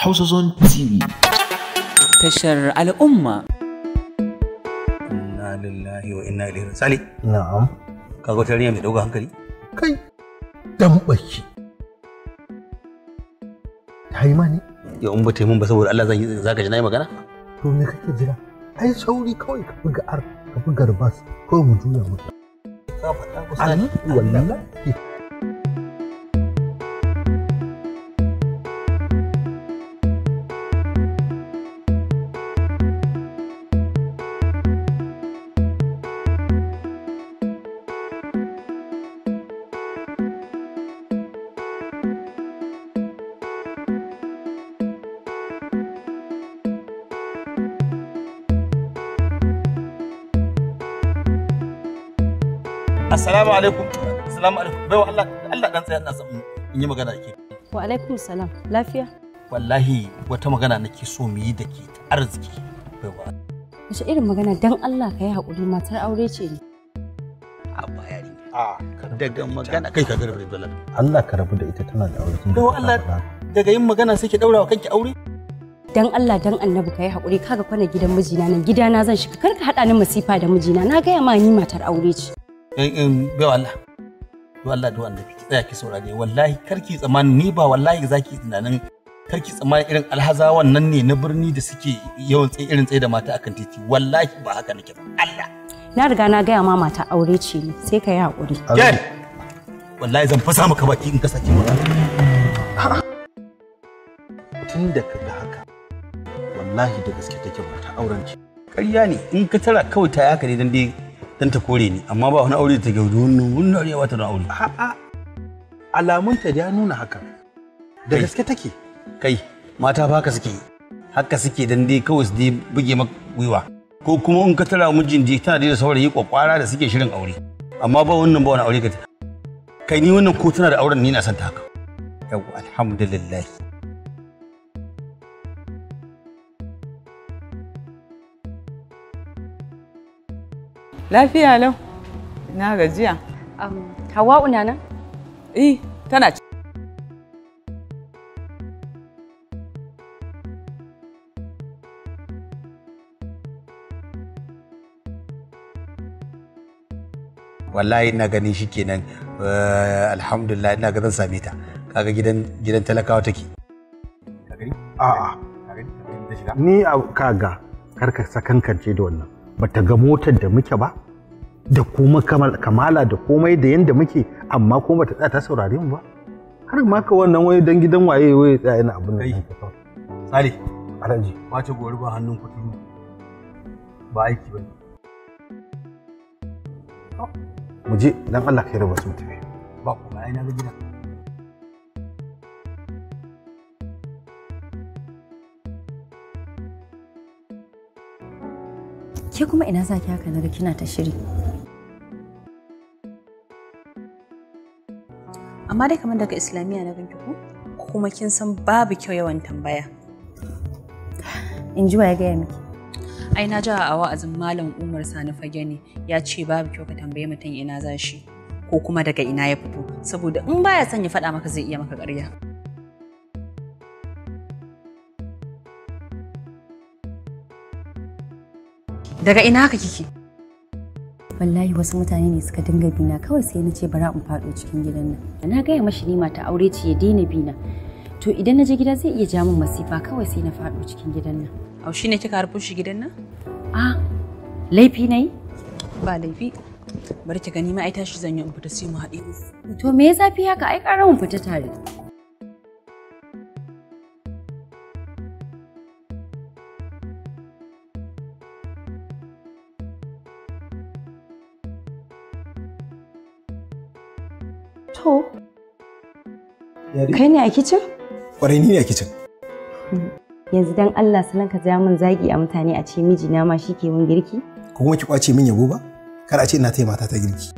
Hausa Zone TV. Tashar al'umma. Inna lillahi wa inna hankali? Kai dan baki. Ta yi mani? Ya in ba ta yi mun ba yi zaka ji na yi magana? To me kake kawai ka buga Assalamu alaikum. Assalamu alaikum. Baiwa Allah Allah dan tsaya ina son in yi magana da ke. Wa alaikum salam. Lafiya? Wallahi wata magana nake so mu yi da ke ta arziki. Baiwa. Wace irin magana dan Allah ka yi haƙuri matar aure ce ni. Abba baya ne. daga magana kai ka garbe bala. Allah ka rabu da ita tana da aure. Baiwa Allah daga yin magana sai ki daura wa kanki aure? dan Allah dan annabi ka yi haƙuri kaga kwana gidan mijina nan gidana zan shiga kar ka haɗa ni masifa da mijina na gaya ma ni matar aure ce. Eh, eh, bai Allah duk Allah duk wanda ki tsaya ki saurare wallahi karki tsammani ni ba wallahi zaki tunanin karki tsammanin irin alhazawan nan ne na birni da suke yawan tsaye irin tsaye da mata akan titi wallahi ba haka nake ba Allah na riga na gaya ma mata aure ce ne sai ka yi hakuri jan wallahi zan fasa maka baki in ka sake magana tun da ka ga haka wallahi da gaske take mata auren ki ƙarya ne in ka tara kawai ta haka ne dan dai dan ta kore ni amma ba wani aure da ta gaudi wannan wannan aure ba ta da aure a alamun ta ya nuna haka da gaske take kai mata ba ka suke haka suke dan dai kawai su dai buge maka gwiwa ko kuma in ka tara mijin da tana da saurayi kwakwara da suke shirin aure amma ba wannan ba wani aure ka kai ni wannan ko tana da auren ni na san ta haka yau alhamdulillah Lafiya lau. Na gajiya. Um, Hawa'u na nan? Eh, tana ci. wallahi ina gani shi kenan eh, alhamdulillah ina ga zan same ta kaga gidan gidan talakawa take a a ni kaga karka sakankance da wannan bata ga motar da muke ba da kuma kamala da komai da yadda muke amma kuma bata tsaya ta saurare mu ba har ma ka wannan wani dan gidan waye waye tsaya yana abin nan tsari alhaji wace gori ba hannun kuturu ba aiki bane mu je dan Allah kai raba su ba kuma ai na ga gidan ke kuma ina za ki haka naga kina ta shiri amma dai kamar daga islamiyya na ganki ko kuma kin san babu kyau yawan tambaya in ji ya gaya miki ai na ji a wa'azin malam umar sani fage ne ya ce babu kyau ka tambaye mutum ina za shi ko kuma daga ina ya fito saboda in baya son ya faɗa maka zai iya maka ƙarya Daga ina haka kike? Wallahi wasu mutane ne suka dinga bina kawai sai na ce bara in faɗo cikin gidan nan. Na gaya mashi ni mata aure ce ya daina bina. To idan na je gida zai iya ja min masifa kawai sai na faɗo cikin gidan nan. Au ne kika harfo shi gidan nan? Ah, laifi na yi? Ba laifi. Bari ki gani ma ai tashi zan yi in fita sai mu haɗe. To me ya zafi haka ai ƙara mu fita tare. Kai ne a kicin? kwarai ni ne a kicin. Yanzu dan Allah sanan ka ja min zagi a mutane a ce miji na ma shi ke mun girki? Ko kuma ki kwace min yabo ba? Kar a ce ina taya mata ta girki.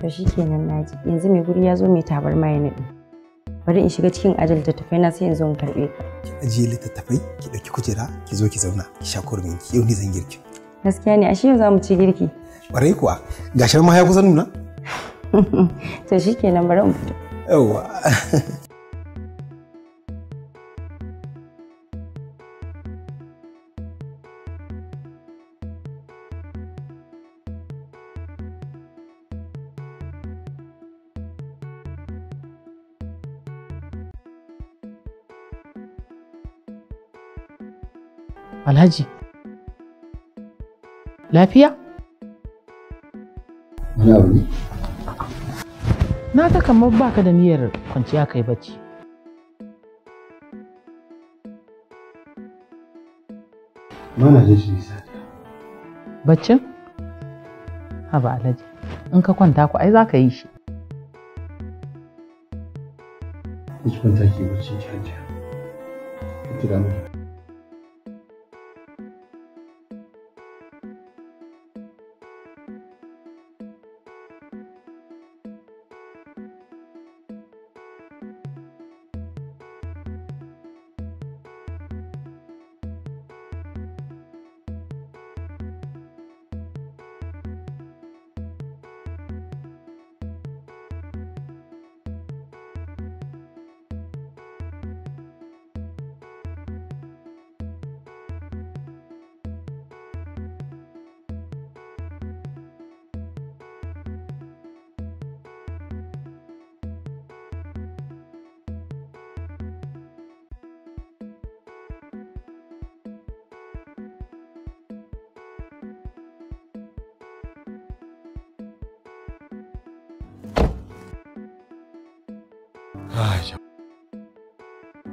To shi kenan naji. Yanzu mai guri ya zo mai mai ya naɗi. Bari in shiga cikin ajin littattafai na sai in zo in karɓe ka. Ki ajiye littattafai, ki ɗauki kujera, ki zo ki zauna, ki sha kurmin ki yau ni zan girki. Gaskiya ne, ashe yau za mu ci girki. kwarai kuwa, gashar ma ya kusa nuna. To shi kenan bari in fito. yauwa Alhaji, lafiya? Wani na ta kamar baka da niyyar kwanciya kai bacci mana da shi baccin haba alaji in ka kwanta ku ai za ka yi shi ki kwanta ki bacci ki hajiya ki kira mu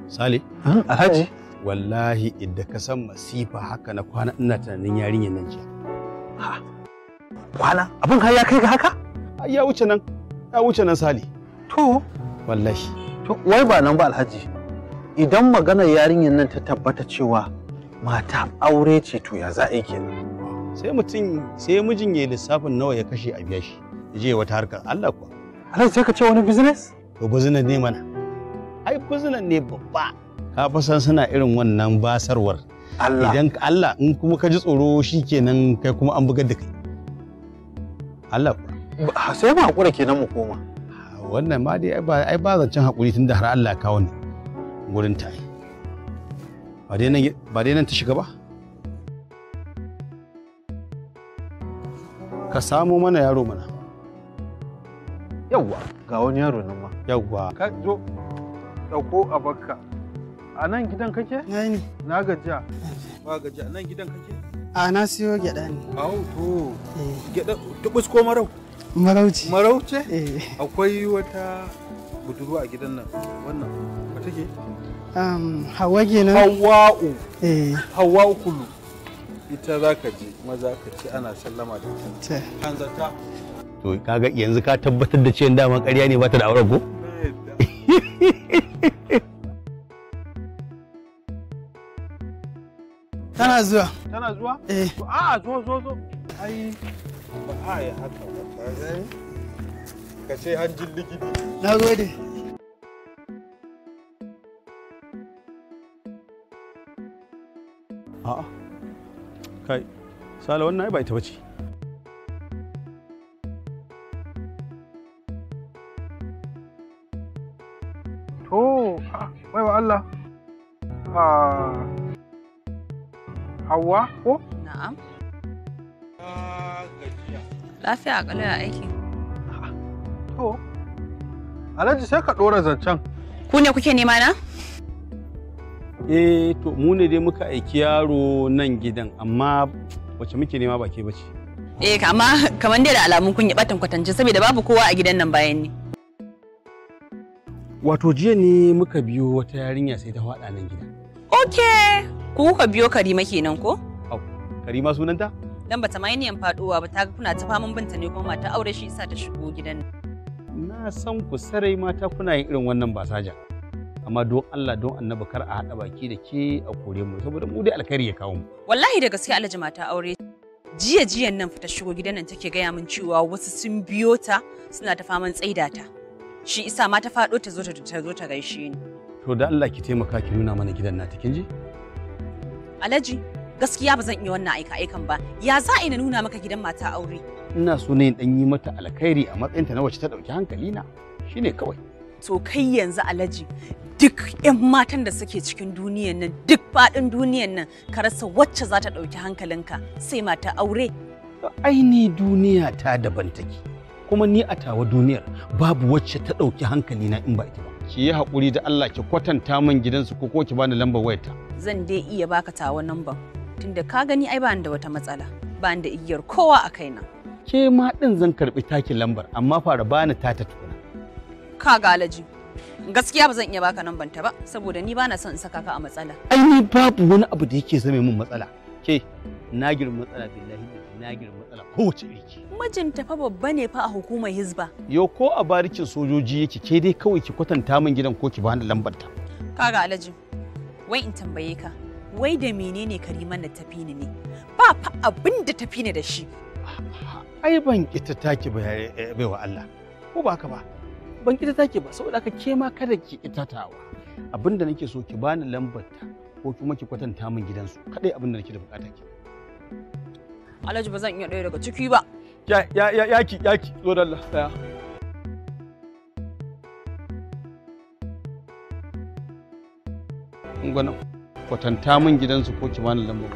Sale? Alhaji? Wallahi idan ka san masifa haka na kwana ina tunanin yarinyar nan jiya. Kwana? Abin har ya kai ga haka? Ya wuce nan, ya wuce nan Sale. To? Wallahi. To, wai ba nan ba Alhaji. Idan maganar yarinyar nan ta tabbata cewa mata aure ce to ya za a yi kenan. Sai mutum sai mijin ya lissafin nawa ya kashe a biya shi. Je wata harkar Allah kuwa. Alhaji sai ka ce wani business? to buzinan ne mana ai buzinan ne babba ka fa san suna irin wannan basarwar Allah idan Allah in kuma ka ji tsoro shikenan kai kuma an bugar da kai Allah sai ba hakura kenan mu koma wannan ma dai ai ba zancen hakuri tunda har Allah kawo ne gurin ta ba dai nan ba dai nan ta shiga ba ka samo mana yaro mana yawwa ga wani yaro nan ma yawwa ka zo ɗauko a bakka a nan gidan kake na ne na gajiya ba gajiya a nan gidan kake a na siyo gyaɗa ne au to eh. gyaɗa tubus ko marau marauci marauce eh. akwai wata buduru a gidan nan wannan ba take um hawa kenan hawa'u eh hawa'u kullu ita za ka je maza ka ci ana sallama da ita an zata to kaga yanzu ka tabbatar da cewa dama ƙarya ne ba ta da auren ko Tana zuwa. Tana zuwa? Eh. Ah, zo zo zo. Ai ba a yi haka ba. Ka ce hanjin likidi. Na gode. A'a. Kai, Sala wannan ai ba ita bace. Allah a ah. Hauwa ko? Na'am. Lafiya a ya aiki. To, Alhaji sai ka ɗora zancen. Ku ne kuke nema na? Eh, to mu ne dai muka aiki yaro nan gidan amma wacce muke nema ba ke bace. Eh, amma kamar dai da alamun kun yi batan kwatance saboda babu kowa a gidan nan bayan ni. Wato jiya ne muka biyo wata yarinya sai ta faɗa nan gida. Ok, ku kuka biyo Karima kenan ko? Au, Karima sunanta? Dan bata ma niyan ba ta kuna ta faman binta ne kuma mata aure shi isa ta shigo gidan Na san ku sarai mata kuna yin irin wannan basaja. Amma don Allah don annabi kar a haɗa baki da ke a kore mu saboda mu dai alkhairi ya kawo mu. Wallahi da gaske Alhaji mata aure jiya jiyan nan fita shigo gidan nan take gaya min cewa wasu sun biyo ta suna ta faman tsaida ta. shi isa ma ta faɗo ta zo ta zo ta gaishe ni to da Allah ki taimaka ki nuna mana gidan nata kin ji Alhaji gaskiya ba zan iya wannan aika aikan ba ya za ina nuna maka gidan mata aure ina so ne dan yi mata alkhairi a matsayinta na wacce ta dauki hankali na shine kawai to kai yanzu Alhaji duk 'yan matan da suke cikin duniyan nan duk faɗin duniyan nan ka rasa wacce za ta ɗauki hankalinka sai mata aure aini duniya ta daban take kuma ni a tawa duniyar babu wacce ta ɗauki hankali na in ba ita ba ki yi haƙuri da Allah ki kwatanta min gidansu ko ko ki bani lambar wayarta zan dai iya baka tawa lambar tunda ka gani ai ba da wata matsala ba da igiyar kowa a na. ke ma ɗin zan karɓi taki lambar amma fara bani ta ta tukuna ka galaji gaskiya ba zan iya baka lambar ta ba saboda ni bana son in saka ka a matsala ai ni babu wani abu da yake zame min matsala ke na girma matsala billahi na girma matsala kowace iri mijinta fa babba ne fa a hukumar hizba yau ko a barikin sojoji yake ke dai kawai ki kwatanta min gidan ko ki bani lambar ta kaga alhaji wai in tambaye ka wai da menene kariman da tafi ni ne ba fa abin da tafi ne da shi ai ban kita taki eh, eh, wa Allah ko ba haka ba ban kita taki ba saboda haka ke ma kada ki itatawa abin da nake so ki bani lambar ta ko kuma ki kwatanta min gidansu kadai abin da nake da bukata ke Alhaji ba zan iya ɗaya daga ciki ba yaki yaki zo da Allah tsaya gwanan kwatanta min gidansu ko kimanin lambar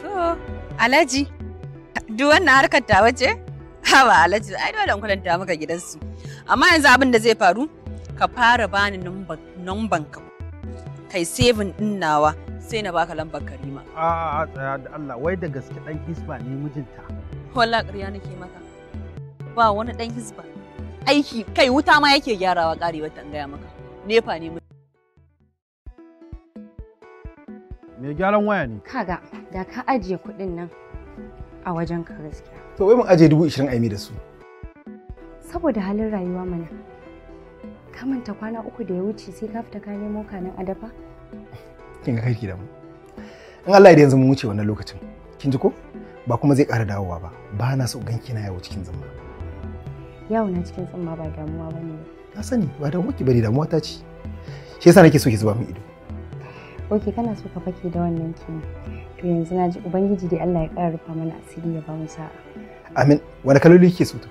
To Alhaji, duk wannan harkar ta wace? Hawa Alhaji, ai dole kwatanta maka gidansu. Amma yanzu abin da zai faru, ka fara bani numban ka. Kai sevin din nawa, sai na baka lambar Karima. A a tsaya da Allah wai da gaske dan hisba ne mijinta. Wallah ƙarya nake maka. Ba wani dan hisba. Aiki kai wuta ma yake gyarawa wata in gaya maka. Nefa ne Me gyaran waya ne? Kaga da ka ajiye kuɗin nan a wajen ka gaskiya. To wai mun ajiye dubu ishirin aimi da su. Saboda halin rayuwa mana. Ka manta kwana uku da ya wuce sai ka fita ka nemo kanin adafa. kin ga kake da mu in Allah ya yanzu mun wuce wannan lokacin kin ji ko ba kuma zai ƙara dawowa ba ba na so ganki na yawo cikin zamba yawo na cikin zamba ba damuwa ba ne na sani ba damuwa ki bari damuwa ta ce shi yasa nake so ki zuba min ido oke kana so ka fake da wannan ki to yanzu na ji ubangiji dai Allah ya ƙara rufa mana asiri ya ba mu sa'a amin wani kaloli kike so to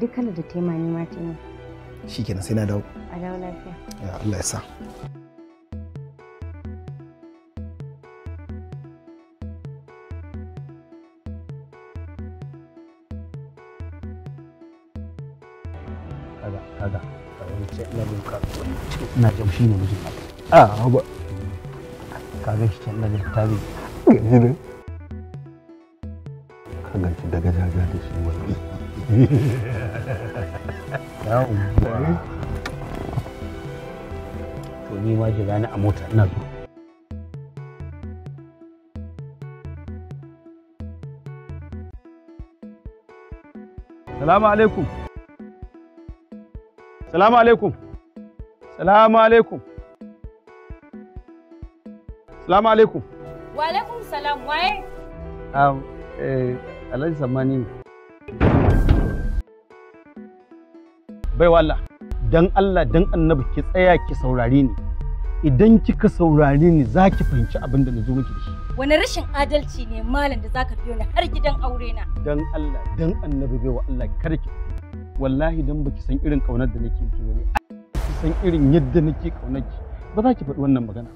duk kalar da tema ne ma tema shikenan sai na dawo a dawo lafiya ya Allah ya sa na jam shi ne mijin a ah, haba ka ga shi kenan da ta bi gaji ne ka ga shi daga jaja da shi wani ya umma to ni ma jira ni a mota ina zo Salamu alaikum. Salamu alaikum. Salamu alaikum. Salamu alaikum. Wa alaikum salam waye? Um, eh, Alhaji Samani. Bai walla, dan Allah dan annabi ki tsaya ki saurare ni. Idan kika saurare ni za ki fahimci abin da na zo miki da shi. Wani rashin adalci ne malam da zaka biyo ni har gidan aure na. Dan Allah dan annabi bai wa Allah kar ki. Wallahi dan baki san irin kaunar da nake ki wani. san irin yadda nake kaunar ki ba za ki faɗi wannan magana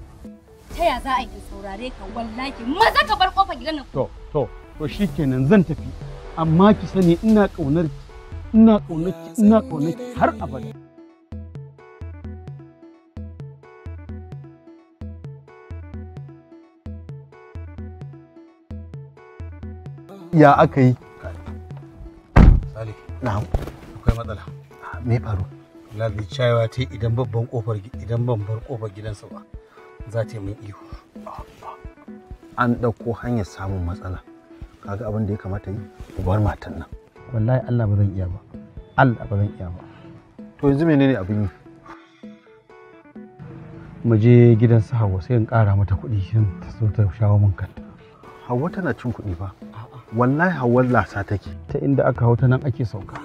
ta ya za a yi saurare ka wallahi maza ka bar kofar gidan nan to to to shikenan zan tafi amma ki sani ina kaunar ki ina kaunar ki ina kaunar ki har abada ya aka yi Salih. Na'am. Akwai matsala. Me faru? Ladi cewa ta idan babban kofar idan ban bar kofar gidansa ba za ta yi min iko. An ɗauko hanyar samun matsala. Kaga abin da ya kamata yi Ubar bar matan nan. Wallahi Allah ba zan iya ba. Allah ba zan iya ba. To yanzu menene abin yi? Mu je gidan su Hauwa sai in ƙara mata kuɗi shin ta so ta shawo min kanta. Hauwa tana cin kuɗi ba. Wallahi Hauwa lasa take. Ta inda aka hau ta nan ake sauka.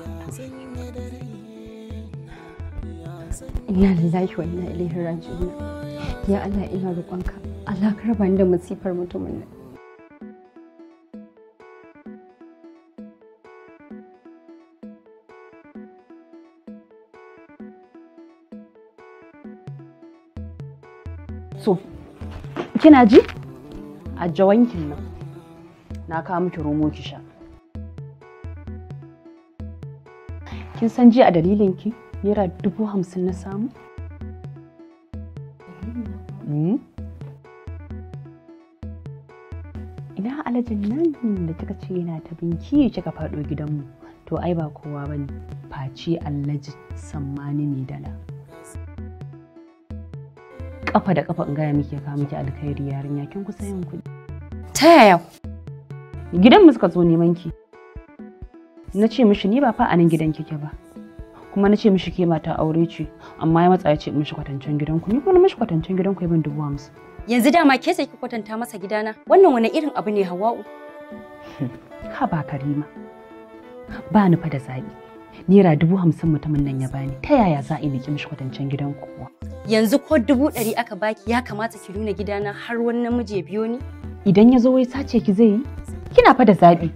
inna lillahi wa inna ilaihi raji'un ya Allah ina roƙonka Allah ka ni da musifar mutumin nan so kina ji a jawankin nan na kawo miki romo ki sha kin san ji a dalilin ki naira dubu hamsin na samu hmm? ina alajin nan da kika ce yana ta binki kika faɗo gidanmu to ai ba kowa ba face alaji sammani mai dala kafa da kafa in gaya miki ya kawo miki alkhairi yarinya kin kusa yin kuɗi ta yaya gidan mu suka zo neman ki na ce mishi ni ba fa anan nan gidan kike ba kuma na ce mishi ke mata aure ce amma ya matsa ya ce mishi kwatancen gidanku ni kuma mishi kwatancen gidanku ya bin dubu hamsin. yanzu dama ke sai ki kwatanta masa gidana wannan wani irin abu ne hawa'u. ka ba karima ba ni fa da zaɓi naira dubu hamsin mutumin nan ya bani ta yaya za a yi mishi kwatancen gidanku kuwa. yanzu ko dubu ɗari aka baki ya kamata ki nuna gidana har wani namiji ya biyo ni. idan ya zo wai sace ki zai yi kina fa da zaɓi.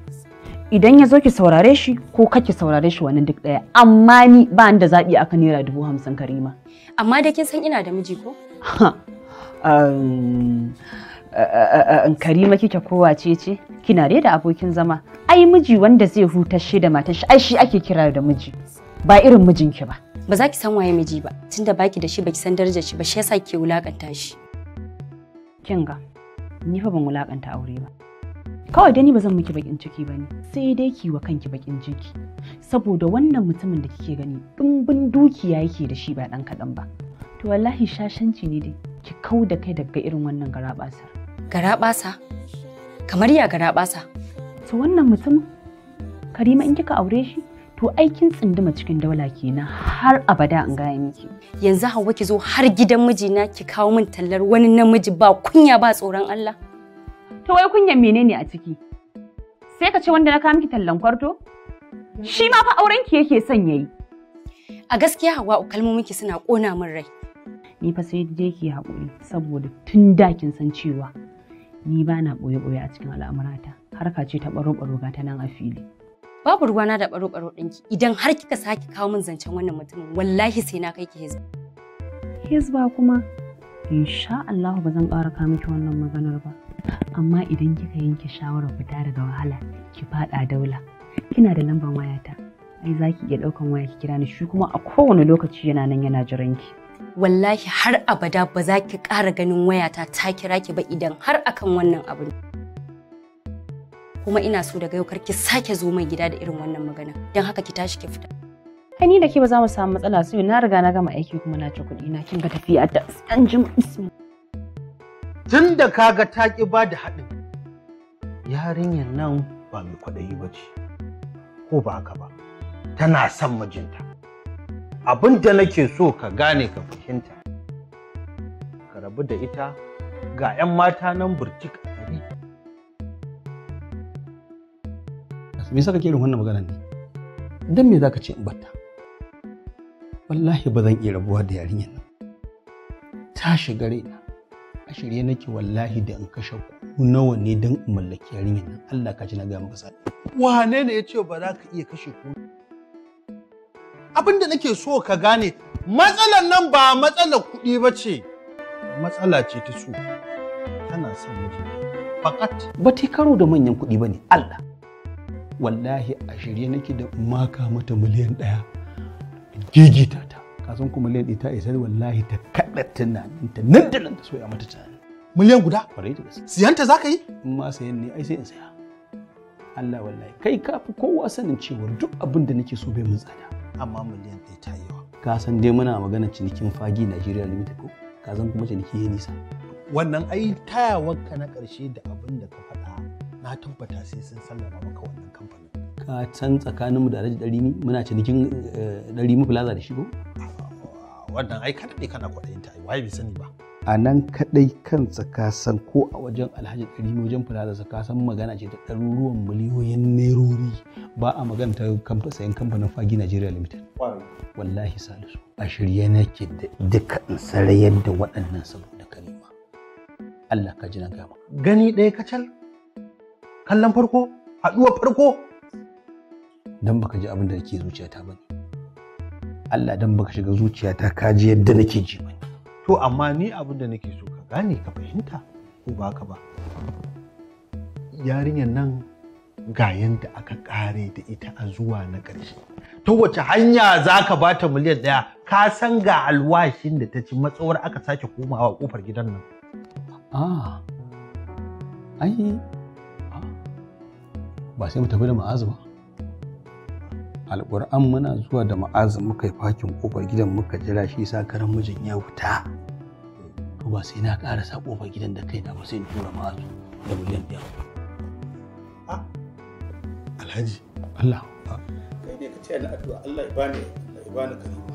idan ya zo ki saurare shi ko kake saurare shi wani duk ɗaya amma ni ba da zaɓi akan naira dubu hamsin karima amma da kin san ina da miji ko um, eh, eh, eh, karima kike kowa ce ce kina da abokin zama ai miji wanda zai shi da matar shi ai shi ake kira da miji ba irin mijinki ba ba za ki san waye miji ba tunda baki da shi baki san darajar shi ba shi yasa ki wulakanta shi kinga ni fa ban wulakanta aure ba kawai dai ni ba zan miki bakin ciki ba ne sai dai ki wa kanki bakin ciki saboda wannan mutumin da kike gani ɗumbin dukiya yake da shi ba dan kaɗan ba to wallahi shashanci ne dai ki kau da kai daga irin wannan garabasa garabasa kamar ya garabasa to wannan mutumin karima in kika aure shi to aikin tsinduma cikin daula kenan har abada in gaya miki yanzu hawa ki zo har gidan mijina ki kawo min tallar wani namiji ba kunya ba tsoron Allah To wai kunyan menene a ciki? Sai ka ce wanda na kawo miki tallan kwarto? Shi ma fa auren ki yake son yayi. A gaskiya Hawwa kalmomin ki suna kona min rai. Ni fa sai dai ki haƙuri saboda tun da kin san cewa ni ba na boye-boye a cikin al'amurata. Harka ce ta baro-baro ga ta nan a fili. Babu ruwa na da baro-baro ɗinki idan har kika sake kawo min zancen wannan mutumin wallahi sai na kai ki hizba. Hizba kuma? Insha Allah ba zan ƙara kawo miki wannan maganar ba. amma idan kika yanke shawarar fita daga wahala ki fada daula kina da lambar wayata ai zaki iya daukan waya ki kira ni shi kuma a kowane lokaci yana nan yana jiran ki wallahi har abada ba za ki kara ganin wayata ta kira ki ba idan har akan wannan abu kuma ina so daga yau ki sake zo mai gida da irin wannan magana don haka ki tashi ki fita ai ni da ke ba za mu samu matsala su na riga na gama aiki kuma na ci kuɗi na kin ga tafiya ta an jima tun da kaga ta ƙi ba da haɗin yarinyar nan ba mai kwaɗayi ba ce ko ba haka ba tana son mijinta abin da nake so ka gane ka fahimta ka rabu da ita ga 'yan mata nan burtik a me yasa kake wannan magana ne dan me ka ce in batta wallahi ba zan iya rabuwa da yarinyar nan ta shiga raina a shirye nake wallahi da in kashe ku nawa ne don in mallaki yarinyar nan Allah ka ji na ga maka sani wane ne ya ce ba za ka iya kashe ku abin da nake so ka gane matsalar nan ba matsalar kuɗi ba ce matsala ce ta so tana son miji fakat ba ta karo da manyan kuɗi ba ne Allah wallahi a shirye nake da maka mata miliyan ɗaya gigita ta ka san kuma miliyan ita ta isa wallahi ta kaɗa tunanin ta nan da nan ta soya mata tunani. Miliyan guda? Kwarai da gaske. Siyanta za ka yi? In ma sayan ne ai sai in saya. Allah wallahi kai ka fi kowa sanin cewa duk abin da nake so bai mun tsada. Amma miliyan ɗaya ta yawa. Ka san dai muna magana cinikin fagi Najeriya Limited ko? Ka san kuma ciniki ya nisa. Wannan ai tayawarka na ƙarshe da abin da ka faɗa na tabbata sai sun sallama maka wannan kamfanin. Ka can tsakaninmu da Alhaji ne muna cinikin eh, mu Plaza da shi ko? wannan ai ka ne kana kwaɗayin ta waye bai sani ba a nan kaɗai kan ka ko a wajen alhaji ɗari wajen fulazarsa ka san magana ce ta ɗaruruwan miliyoyin nerori ba a magana ta sayan kamfanin fagi nigeria limited wallahi salisu a shirye nake da duka in da waɗannan saboda kalima allah ka ji na gama gani ɗaya kacal kallon farko haɗuwar farko don baka ji abin da ke zuciyata ba bane Allah dan baka shiga zuciyata ka ji yadda nake ji ba. to amma ni abin da nake so ka gane ka fahimta ko ba ka ba yarinyar nan ga yadda aka kare da ita a zuwa na ƙarshe ta wace hanya za ka ba ta miliyan ɗaya ka san ga alwashin da ta ci matsawar aka sake komawa kofar gidan nan ah ai ah, ba sai mu tafi da ma'azu ba alƙur'an muna zuwa da ma'aza muka yi fakin ƙofar gidan muka jira shi sa karan mijin ya wuta to ba sai na sa ƙofar gidan da kaina ba sai in tura ma'azu da miliyan ɗaya ah, alhaji Allah ah. kai dai ka ce na addu'a Allah ya bani ya bani karima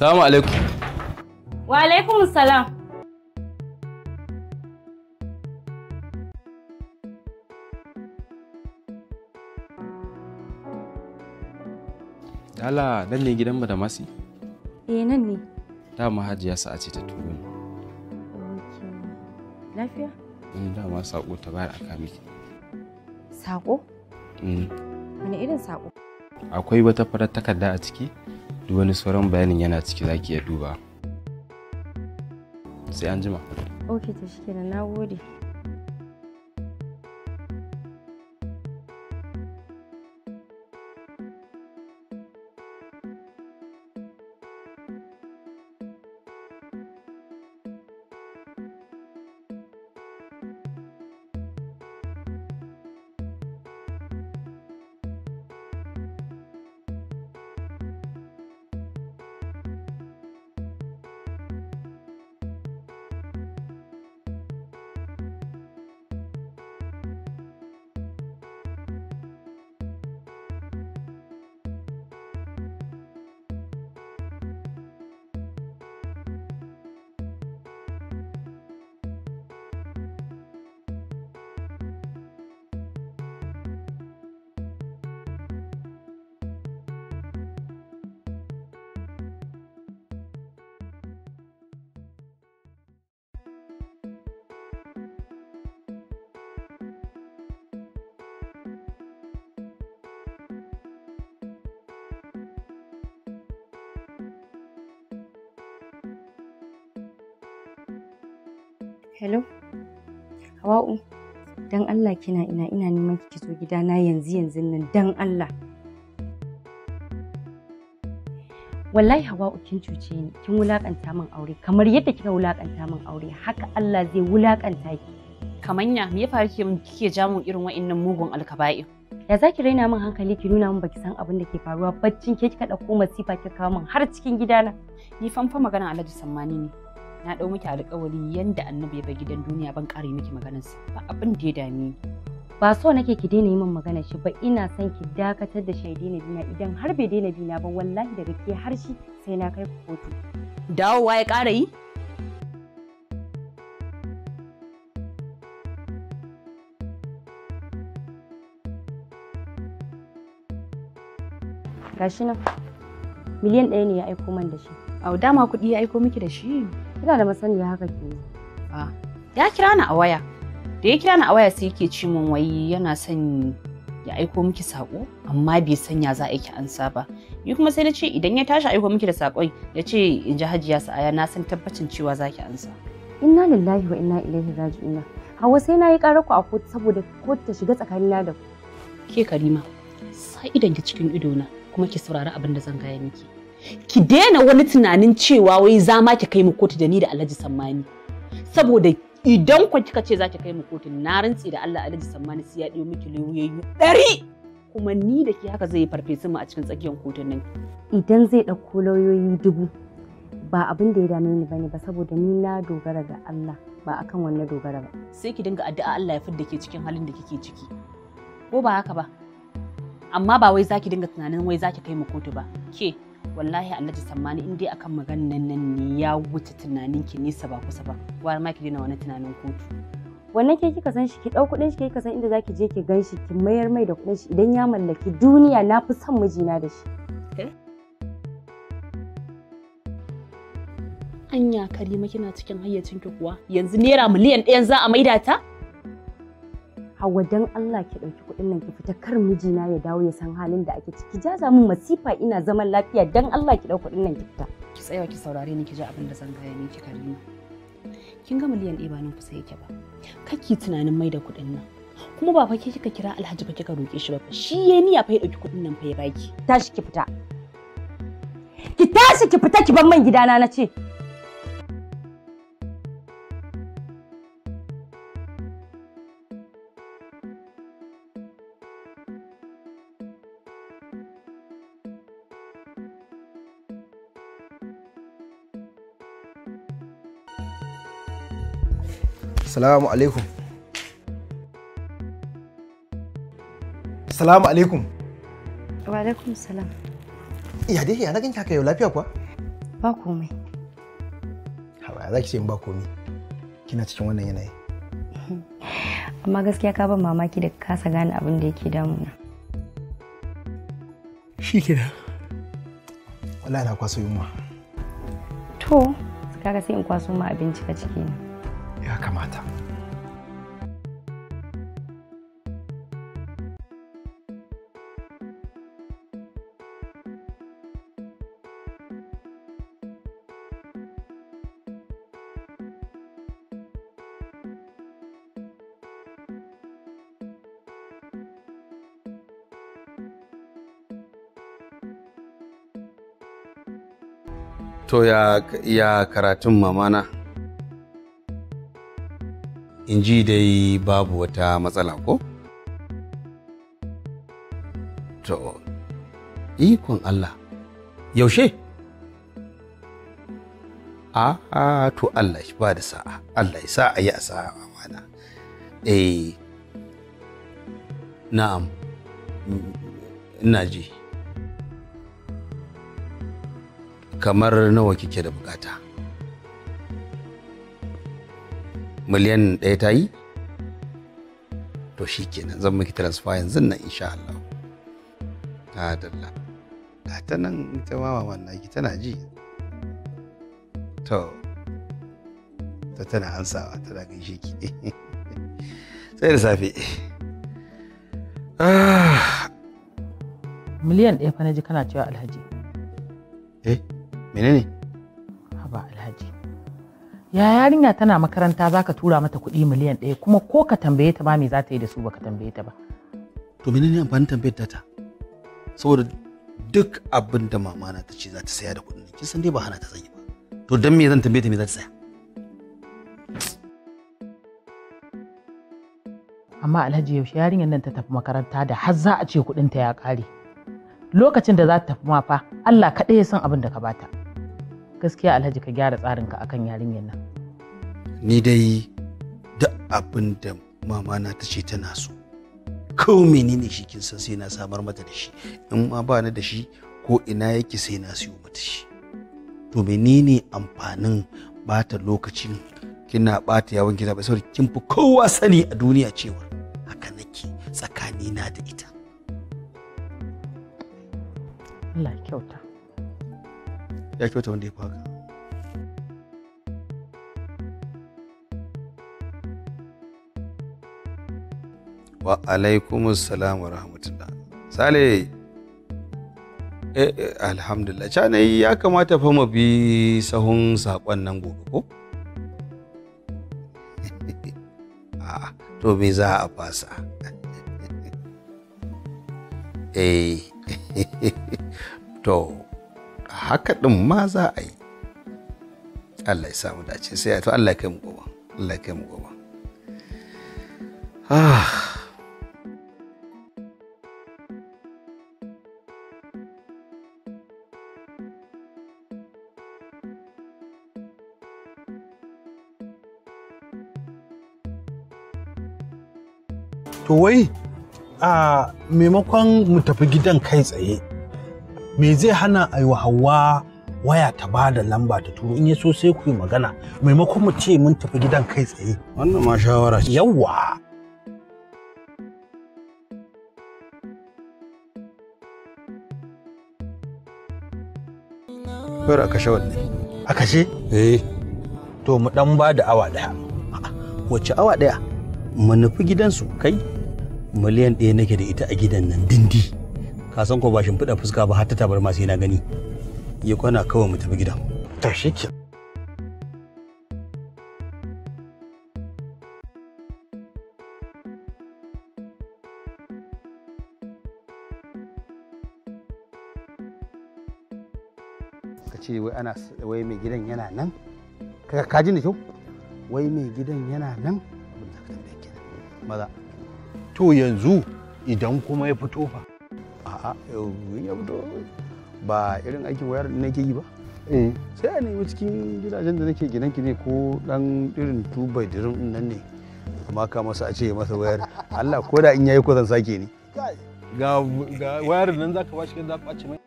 Salamu alaikum. Wa alaikum salam. Dala nan ne gidanmu da masi? Eh nan ne. Dama hajiya sa'a ce ta turo ni. Lafiya? da mm, dama sako ta bayar aka miki. Sako? Mm. Wani irin sako? Akwai wata farar takarda a ciki? Duk wani sauran bayanin yana ciki zaki iya duba. Sai an jima. Ok, ta shi kenan, na gode. Hello? Hawa'u, don Allah kina ina ina neman ki zo gidana yanzu yanzu nan don Allah. Wallahi Hawa'u kin cuce ni, kin wulakanta min aure kamar yadda kika wulakanta min aure haka Allah zai wulakanta ki. Kamanya, me ya faru ke min kike ja irin wa'annan mugun alkaba'i Ya za ki raina min hankali ki nuna min baki san abin da ke faruwa baccin ke kika ɗauko masifa kika kawo min har cikin gidana. Ni fanfa magana Alhaji Sammani ne. na ɗau miki alƙawari yadda annabi ya bar gidan duniya ban ƙara miki maganarsa ba abin da ya dame ba so nake ki daina yi min magana shi ba ina son ki dakatar da shi daina bina idan har bai daina bina ba wallahi daga ke har shi sai na kai ku kotu dawowa ya ƙara yi gashi nan miliyan ɗaya ne ya aiko man da shi au dama kuɗi ya aiko miki da shi Ina da masaniya haka ke ya kira ni a waya. Da ya kira ni a waya sai yake ce min wai yana son ya aiko miki sako amma bai sanya za a yi ansa ba. Ni kuma sai na ce idan ya tashi aiko miki da sakon ya ce in ji Hajiya Sa'aya na san tabbacin cewa za ki ansa. Inna lillahi wa inna ilaihi raji'un. Hawa sai na yi ƙarar ku a kotu saboda kotu ta shiga tsakanina da ku. Ke Karima, sa idan ki cikin idona kuma ki saurari abin da zan gaya miki. ki daina wani tunanin cewa wai za ma ki kai mu kotu da ni da Alhaji Sammani saboda idan ku kika ce za ki kai mu kotu na rantsi da Allah Alhaji Sammani sai ya ɗiyo miki lauyoyi ɗari kuma ni da ki haka zai farfesa mu a cikin tsakiyar kotun nan idan zai ɗauko lauyoyi dubu ba abin da ya dame ni bane ba saboda ni na dogara ga Allah ba akan wannan dogara ba sai ki dinga addu'a Allah ya fidda ke cikin halin da kike ciki ko ba haka ba amma ba wai zaki dinga tunanin wai zaki kai mu kotu ba ke wallahi alhaji sammani in dai akan maganan nan ne ya wuce tunanin ki nisa ba kusa ba wa ma ki daina wani tunanin kotu wannan ke kika san shi ki dau kudin shi ke kika san inda zaki je ki gan shi ki mayar mai da kudin shi idan ya mallaki duniya na fi son mijina da shi anya karima kina cikin hayyacin ki kuwa yanzu naira miliyan ɗayan za a maida ta hawa dan Allah ki ɗauki kuɗin nan ki fita kar mijina ya dawo ya san halin da ake ciki jaza min masifa ina zaman lafiya dan Allah ki ɗauki kuɗin nan ki fita ki tsaya ki saurare ni ki ji abin da zan gaya ki kalli. kin ga miliyan ɗaya ba nan kusa yake ba kake tunanin mai da kuɗin nan kuma ba fa ke kika kira Alhaji ba kika roke shi ba shi ya niyya fa ya ɗauki kuɗin nan fa ya baki tashi ki fita ki tashi ki fita ki bar man gidana na ce Salamu alaikum. Salamu alaikum. Wa alaikum salam. Ya dai ya na ganki haka yau lafiya kuwa? Ba komai. Hawa za ki ce in ba komai. Kina cikin wannan yanayi. Amma gaskiya ka ban mamaki da kasa gane abin da yake damuna. Shi kenan. Wallahi na kwaso yunwa. To, kaga sai in kwaso ma abinci ka ciki ne. To ya, iya karatun mamana? In ji dai babu wata matsala ko? To, ikon Allah, yaushe? A, a to Allah shi ba da sa'a, Allah ya sa'a ya sa'a mamana. Eh, na'am, ina ji. kamar nawa kike da bukata miliyan ɗaya ta yi to shi kenan zan miki transfer yanzu nan insha Allah ta dalla ta ta nan ita ma wannan ki tana ji to ta tana ansawa ta daga shi ki sai da safe ah. miliyan ɗaya fa na ji kana cewa alhaji eh menene haba alhaji ya yarinya tana makaranta zaka tura mata kuɗi miliyan ɗaya kuma ko ka tambaye ta ba me za ta yi da su ka tambaye ta ba to menene amfanin tambayar ta saboda duk abin da mamana ta ce za ta saya da kuɗin kin san dai ba hana ta zai ba to dan me zan tambaye ta me za ta saya amma alhaji yaushe yarinyar nan ta tafi makaranta da har za a ce kuɗinta ya ƙare lokacin da za ta tafi ma fa Allah kaɗai ya san abin da ka bata gaskiya alhaji ka gyara tsarinka akan yarinyar nan ni dai da abin da mama na ta ce tana so ko menene shi kin san sai na samar mata da shi in ma ba ni da shi ko ina yake sai na siyo mata shi to menene amfanin bata lokacin kina bata yawon gida ba saboda kin fi kowa sani a duniya cewa haka nake tsakanina da ita Allah kyauta ya wata wanda ya fi wa alaikumus salam wa rahmatullah sale eh, eh, alhamdulillah Can ya kamata fa mu bi sahun sakon nan gobe ko a to me za a fasa eh to haka ɗin ma za a yi Allah ya samu dace sai to Allah ya kai mu gobe Allah ya kai mu gobe ah to wai a maimakon mu tafi gidan kai tsaye me zai hana wa hawa waya ta ba da lamba ta turo in ya so sai ku yi magana maimakon mu ce mun tafi gidan kai tsaye wannan ma shawara ce yawwa Kawai a kashe wanne. A kashe? Eh. To mu dan ba da awa daya. Wace awa daya? Mu nufi gidansu kai? Miliyan ɗaya nake da ita a gidan nan dindi. ka san ko ba shimfiɗa fuska ba har ta tabar ma sai na gani ya kwana kawai mu tafi gida to Ka ce wai ana wai mai gidan yana nan ka ji da kyau wai mai gidan yana nan maza to yanzu idan kuma ya fito fa a'a ya fito ba irin aikin wayar da nake yi ba eh. sai a nemi cikin gidajen da nake gidan ki ne ko dan irin tuba dirin nan ne amma ka masa a ce masa wayar Allah ko da in yayi ko zan sake ni ga wayar nan zaka bashi kan zaka ɓace mai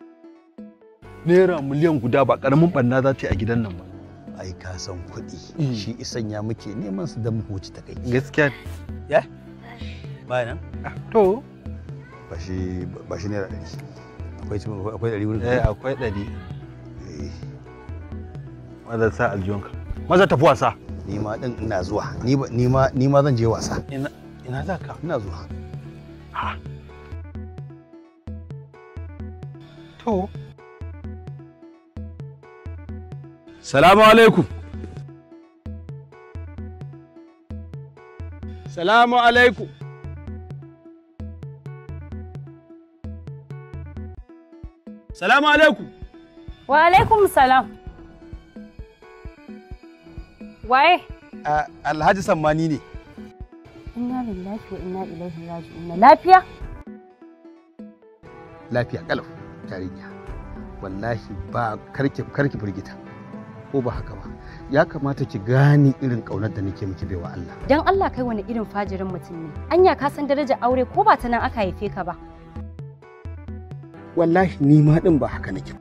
naira miliyan guda ba karamin banna za ta yi a gidan nan ba ai ka san kuɗi eh. shi isan ya muke neman su da mu huci ta kai gaskiya ya bayan to ba shi naira ɗari akwai cibin akwai ɗari wurin eh akwai ɗari eh. maza sa aljiyonka maza tafi wasa ni ma ɗin ina zuwa ni ma zan je wasa ina za ka ina zuwa ha to salamu alaikum salamu alaikum Salamu alaikum. Wa alaikum salam. Waye? Alhaji Sammani ne. Inna lillahi wa inna ilaihi raji'un. Lafiya? Lafiya kalau tarinya. Wallahi ba karki karki burgita. Ko ba haka ba. Ya kamata ki gane irin kaunar da nake miki baiwa Allah. Dan Allah kai wani irin fajirin mutum ne. Anya ka san darajar aure ko ba ta nan aka haife ka ba. wallahi ni ma din ba haka nake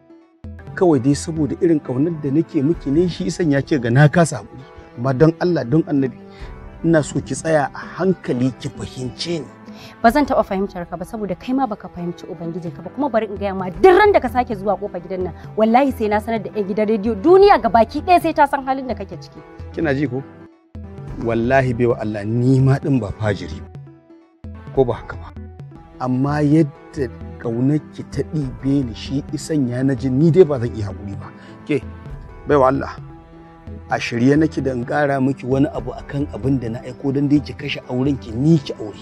kawai dai saboda irin kaunar da nake miki ne shi isan ya ce ga na kasa hakuri amma don Allah don annabi ina so ki tsaya a hankali ki fahimce ni ba zan taɓa fahimtar ka ba saboda kai ma baka fahimci ka ba kuma bari in gaya ma duk ran da ka sake zuwa kofar gidan nan wallahi sai na sanar da yan gidan rediyo duniya ga baki ɗaya sai ta san halin da kake ciki kina ji ko wallahi wa Allah ni ma din ba fajiri ko ba haka ba amma yadda ki ta ɗibe ni shi isan ya na ni dai ba zan iya haƙuri ba ke wa Allah a shirye nake da in ƙara miki wani abu akan abin da na aiko don dai ki kashe auren ki ni ki aure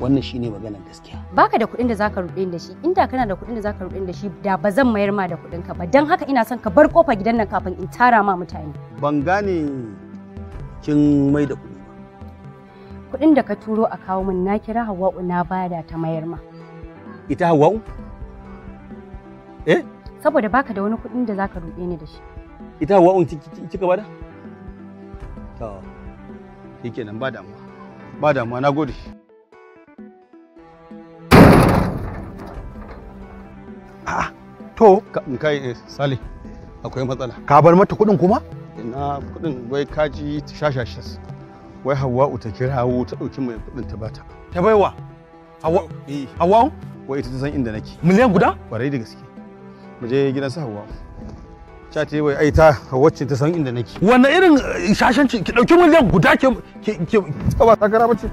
wannan shine maganar gaskiya baka da kuɗin da zaka ruɗe da shi inda kana da kuɗin da zaka ruɗe da shi da ba zan mayar ma da kuɗin ka ba don haka ina son ka bar kofa gidan nan kafin in tara ma mutane ban gane kin mai da kuɗi ba kuɗin da ka turo a kawo min na kira Hawwa'u na bada ta mayar ma ita hawa'u eh saboda baka da wani kuɗin da zaka roƙe ni da shi ita hawa'u kika bada to shikenan ba damuwa ba damuwa nagode Ah, to kai eh, sale akwai matsala ka bar mata kuɗin kuma ina kuɗin wai kaji shashashas wai hawa'u ta kirawo ta ɗauki mai kuɗin ta bata ta baiwa hawa'u eh. kuwa ita ta san inda nake miliyan guda kwarai da gaske mu je gidan su hawa cha ta wai ai ta wacce ta san inda nake wanne irin eh, shashanci ki dauki miliyan guda ke ke ba gara bace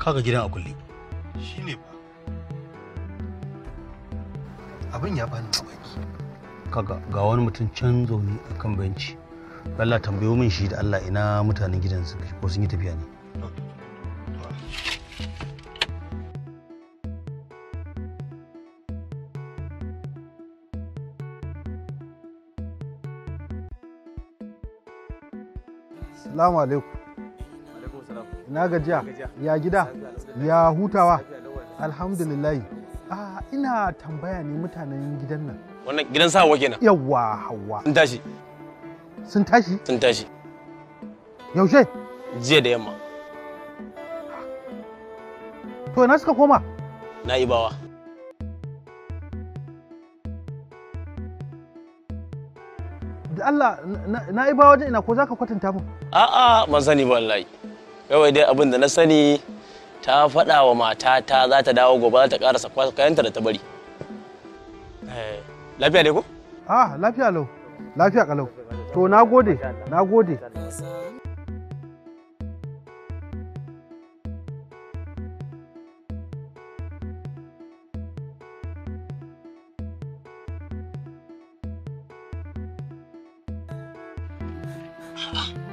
kaga gidan a kulle shine abin ya bani mamaki kaga ga wani mutum can zaune a kan benci Allah tambayo min shi da Allah ina mutanen gidan su ko sun yi tafiya ne Salamu alaikum. Na gajiya? Ya gida? Ya hutawa? Alhamdulillahi. ina tambaya ne mutanen gidan nan wannan gidan sa hawa kenan yawa hawa sun tashi sun tashi sun tashi yaushe jiya da yamma to ina suka koma na ibawa da Allah na ibawa wajen ina ko zaka kwatanta mu a'a ban sani ba wallahi kawai dai abin da na sani ta faɗa wa matata za ta dawo gobe za ta ƙarasa kayanta da ta bari eh, lafiya ne ko ah lafiya lau lafiya kalau to na gode na gode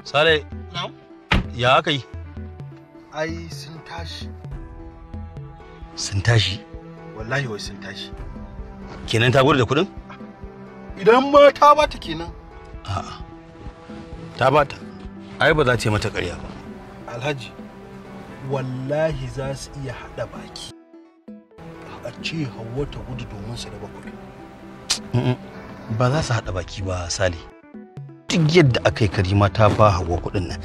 Sare, ya haka yi? ai sun tashi sun tashi wallahi wai sun tashi kenan ta gwada da kuɗin idan ma ta bata kenan a'a ta bata ai ba za ta yi mata ƙarya ba alhaji wallahi za su iya haɗa baki a ce hawa ta gudu domin su raba kuɗi ba za su haɗa baki ba sali duk yadda aka yi karima ta ba hawa kuɗin nan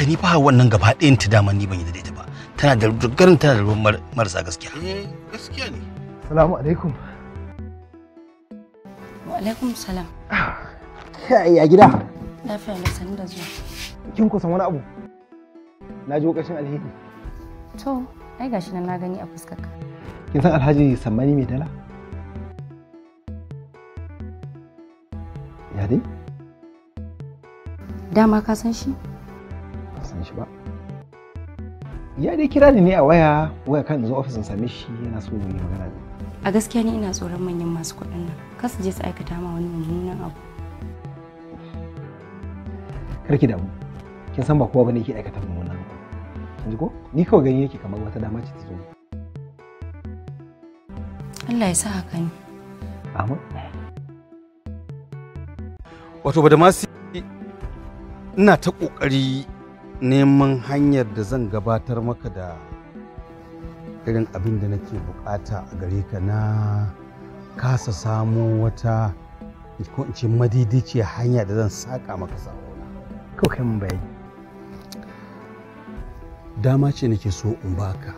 ka nifa fa wannan gaba ɗayan ta dama ni ban yi daidaita ba tana da garin tana da ruwan marasa gaskiya eh gaskiya ne salamu alaikum wa alaikum salam kai ya gida lafiya da sanin da zuwa kin kusan wani abu na ji ƙarshen alheri to ai gashi nan na gani a fuskarka kin san alhaji sammani mai dala ya dai dama ka san shi shi ba ya dai kira ni ne a waya waya kan zo ofisin same shi yana so mu yi magana a gaskiya ni ina tsoron manyan masu kuɗin nan kar su je su aikata ma wani mummunan abu kar ki damu kin san ba kowa bane yake aikata mummunan abu kin ji ko ni kawai gani yake kamar wata dama ce ta zo Allah ya sa haka ne amma wato ba da ina ta kokari neman hanyar da zan gabatar maka da irin abin da nake bukata a gare ka na kasa samo wata ko in ce madidiciyar hanya da zan saka maka sakona. Ko kai mun bayani. Dama ce nake so in baka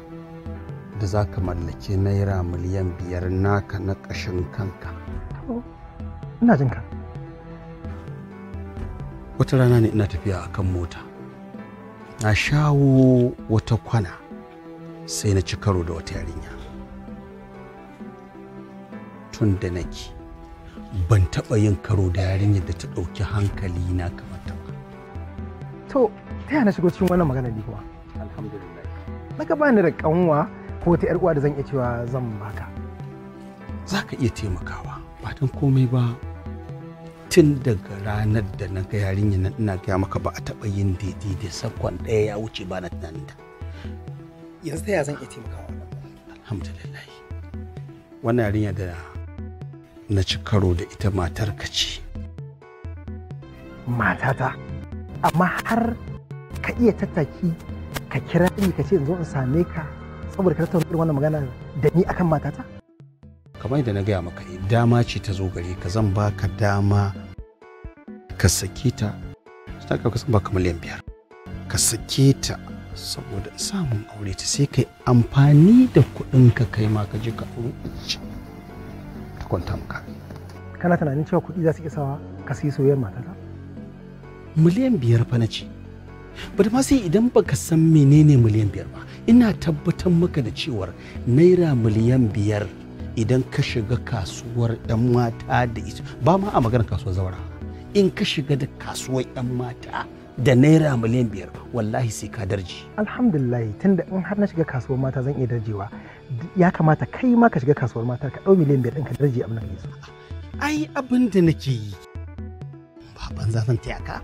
da za ka mallake naira miliyan biyar naka na ƙashin kanka. Ina jin ka. Wata rana ne ina tafiya akan mota. na shawo wata kwana sai na ci karo da wata yarinya tun da nake ban taɓa yin karo da yarinyar da ta ɗauki hankali na kamar ta to ta yana shigo cikin wannan magana kuma alhamdulillah na bani da kanwa ko ta yar uwa da zan iya cewa zan baka za ka iya taimakawa ba don komai ba tun daga ranar da na ga yarinya na ina gaya maka ba a taɓa yin daidai da sakon ɗaya ya wuce ba na tunanin ta yanzu ya zan iya taimakawa alhamdulillah wannan yarinya da na ci karo da ita matar ka ce matata amma har ka iya tattaki ka kira ni ka ce in zo in same ka saboda ka tattauna wannan magana da ni akan matata kamar yadda na gaya maka eh, dama ce ta zo gare ka zan baka dama ka sake ta ta ka kusan baka miliyan biyar ka sake ta saboda samun aure ta sai kai amfani da kuɗin ka kai ma ka je ka ta kwanta maka kana tunanin cewa kuɗi za su sawa ka sayi soyayyar ta miliyan biyar fa na ce ba ma sai idan ba ka san menene miliyan biyar ba ina tabbatar maka da cewar naira miliyan biyar idan ka shiga kasuwar 'yan mata da ita ba ma a maganar kasuwar zaura in ka shiga da kasuwar 'yan mata da naira miliyan biyar wallahi sai ka darji alhamdulillah tunda in har na shiga kasuwar mata zan iya darjewa ya kamata kai ma ka shiga kasuwar mata ka ɗau miliyan biyar ɗin ka darje abin da kake ai abin da nake yi ba banza zan taya ka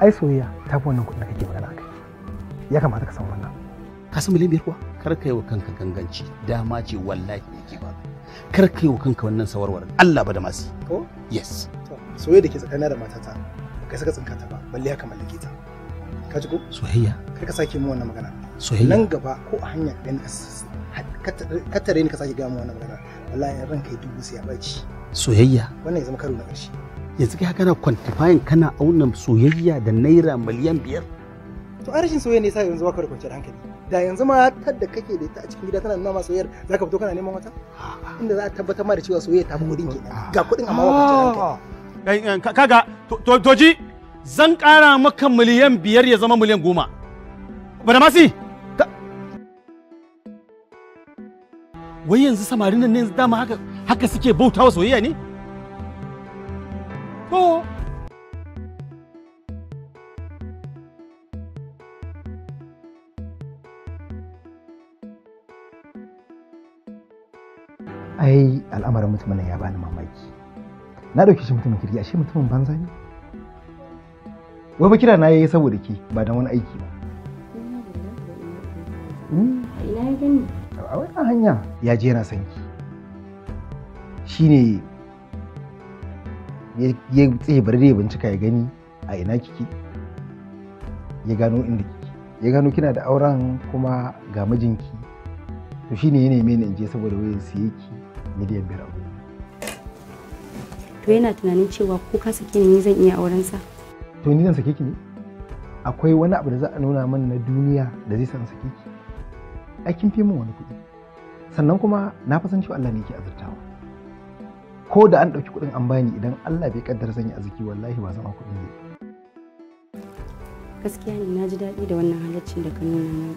ai soyayya ta fi wannan kuɗin da kake magana kai ya kamata ka san wannan ka san miliyan biyar kuwa kar ka yi wa kanka ganganci dama ce wallahi yake ba kar ka yi wa kanka wannan sawarwar Allah ba da masu ko yes soyayya da ke tsakanin da matata kai saka tsinka ta ba balle haka mallake ta ka ji ko soyayya kar ka sake mu wannan magana soyayya nan gaba ko a hanya ka ka tare ni ka sake ga mu wannan magana wallahi ran kai dubu sai ya baci soyayya wannan ya zama karo na ƙarshe yanzu kai haka na quantifying kana auna soyayya da naira miliyan biyar to a rashin soyayya ne yasa yanzu ka da kwanciyar hankali da yanzu ma ta da kake da ita a cikin gida tana nuna ma soyayyar ka fito kana neman wata inda za a tabbatar ma da cewa soyayya ta fi ke ga kuɗin amma ba ka kaga ah. eh, eh, to toji zan ƙara maka miliyan biyar ya zama miliyan goma masi. wai yanzu samarin nan ne dama haka haka suke bautawa soyayya ne to ai al'amarin mutumin ya bani mamaki na dauke shi mutumin kirki ashe mutumin banza ne wai ba kira na yayi saboda ke ba da wani aiki ba a wannan hanya ya je yana son ki shine ya tsaye bari ya bincika ya gani a ina kike ya gano inda kike ya gano kina da auren kuma ga mijinki to shine ya neme ni in je saboda wayan siye ki miliyan biyar aure to yana tunanin cewa ko ka sake ni zan iya auren sa to ni zan sake ki ne akwai wani abu da za a nuna min na duniya da zai san sake ki ai kin fi min wani kuɗi sannan kuma na fa san cewa Allah ne yake azurtawa ko da an ɗauki kuɗin an bani idan Allah bai kaddara zan yi arziki wallahi ba zama kuɗin ne gaskiya ne na ji daɗi da wannan halaccin da ka nuna min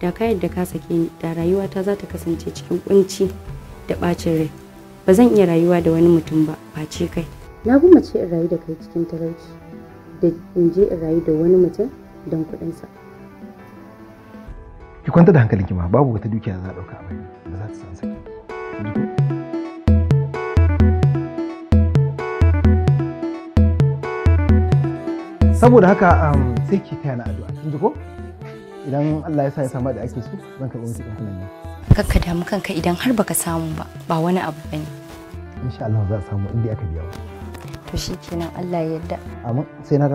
da ka yadda ka sake ni da rayuwata za ta kasance cikin kunci da ɓacin rai ba zan iya rayuwa da wani mutum ba face kai na ce in rayu da kai cikin talauci da in je in rayu da wani mutum don kuɗinsa ki kwanta da ki ma babu wata dukiya za a ɗauka a ba za ta san saki saboda haka um, sai ki taya na addu'a kin ji ko idan Allah ya sa ya sama da ake so zan karɓi wani ɗan kunan kakka damu kanka idan har baka samu ba ba wani abu bane insha Allah za a samu inda aka biya to shikenan Allah ya yarda amma sai na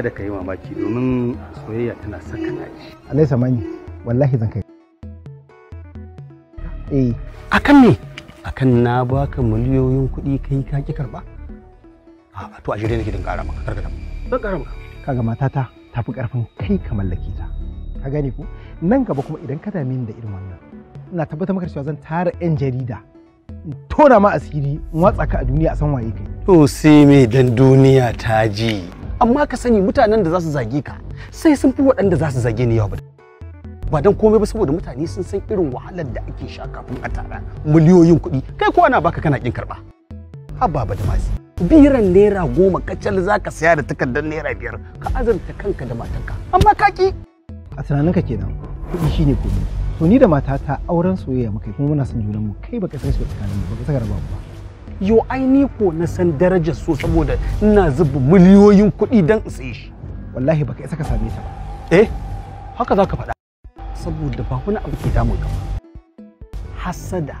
kada ka yi mamaki domin soyayya tana saka naci alai samani wallahi zan kai eh akan me akan na baka miliyoyin kuɗi kai ka ki karba a to a shirye nake din ƙara maka karkata zan ƙara maka kaga matata ta fi ƙarfin kai ka mallake ta ka gane ko nan gaba kuma idan ka dame ni da irin wannan ina tabbatar maka cewa zan tara yan jarida in tona ma asiri in watsa ka a duniya a san waye kai to sai me dan duniya ta ji amma ka sani mutanen da za su zage ka sai sun fi waɗanda za su zage ni yau ba don komai ba saboda mutane sun san irin wahalar da ake sha kafin a tara miliyoyin kuɗi kai ko ana baka kana kin karɓa haba ba da masu biran naira goma kacal za ka saya da takardar naira biyar ka azurta kanka da matanka amma kaki. a tunaninka kenan kuɗi shine komai to ni da matata auren soyayya muka kuma muna son junanmu kai baka san shi tsakaninmu baka saka rabawa ba yo ai ni ko na san darajar so saboda ina zuba miliyoyin kuɗi dan in tsaye shi wallahi baka isa ka same ta ba eh haka zaka faɗa saboda ba kuna abu ke damun ka hasada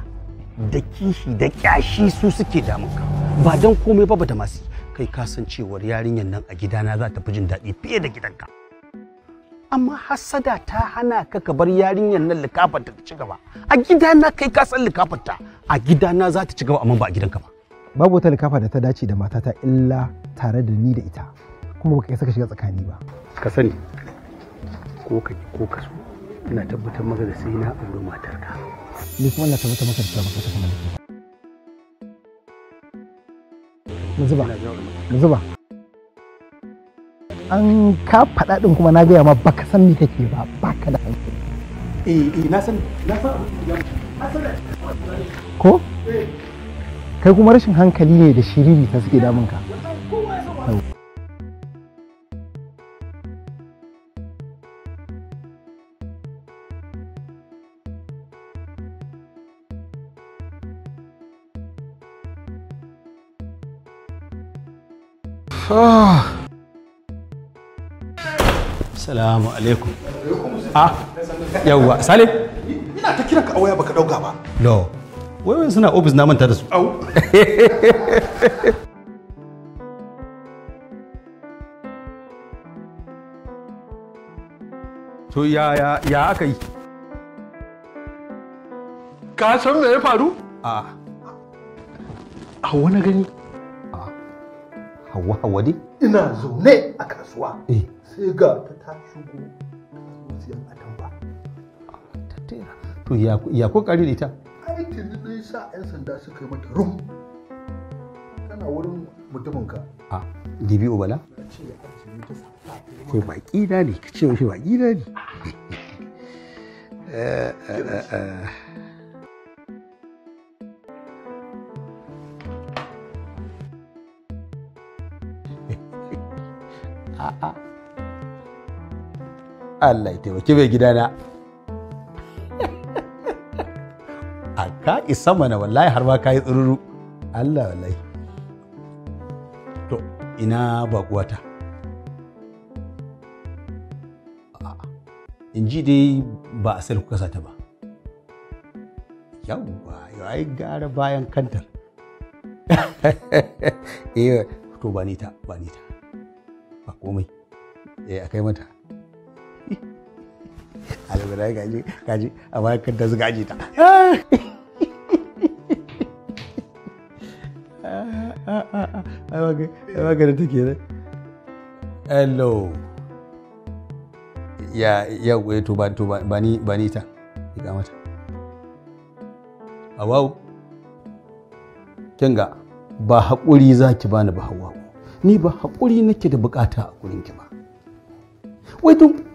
da kishi da kyashi su suke damun ka ba don komai ba da masu kai kasancewar yarinyar nan a gidana za ta fi jin daɗi fiye da gidanka amma hasada ta hana ka ka bar yarinyar nan likafarta ta ci gaba a gidana kai ka san ta a gidana za ta ci gaba amma ba a gidanka ba babu wata likafa da ta dace da matata illa tare da ni da ita kuma ba ka ka shiga tsakani ba ka sani ko ka ko ka so ina tabbatar maka da sai na aure matarka ni kuma ina tabbatar maka da cewa baka ta kamar mu zuba mu zuba an ka faɗa din kuma na gaya ma ka san me kake ba ba ka da hankali eh eh na san na san ko eh kai kuma rashin hankali ne da shiriri ta suke damun ka. Salamu alaikum. Ah, yawwa, Sale? Ina ta kiranka a waya baka dauka ba. No. wai suna ofis na manta da su au to ya ya ya aka yi ka san me ya faru a hawa na gani hawa hawa dai ina zaune a kasuwa eh. sai ga ta ta shigo ta tera to ya ya kokari da ita aikin sa 'yan sanda suka yi mata rum kana wurin mutumin ka a dibi obala ce ba na ne ka ce ba baki ne Allah ya taimaki mai gidana. a ka isa mana wallahi har ba ka yi tsururu Allah wallahi to ina bakuwata in ji dai ba a kasa ta ba yawwa ai gara bayan kantar eh, to ba ni ta ba ni ta ba komai eh akai mata alwarai gaji gaji a bayan da su gaji ta a magana ta kenan hello ya ya eh, to ba to bani ni ta ga mata awau kinga ba haƙuri za ki bani ba hawa ni ba haƙuri nake da bukata a gurin ki ba wai don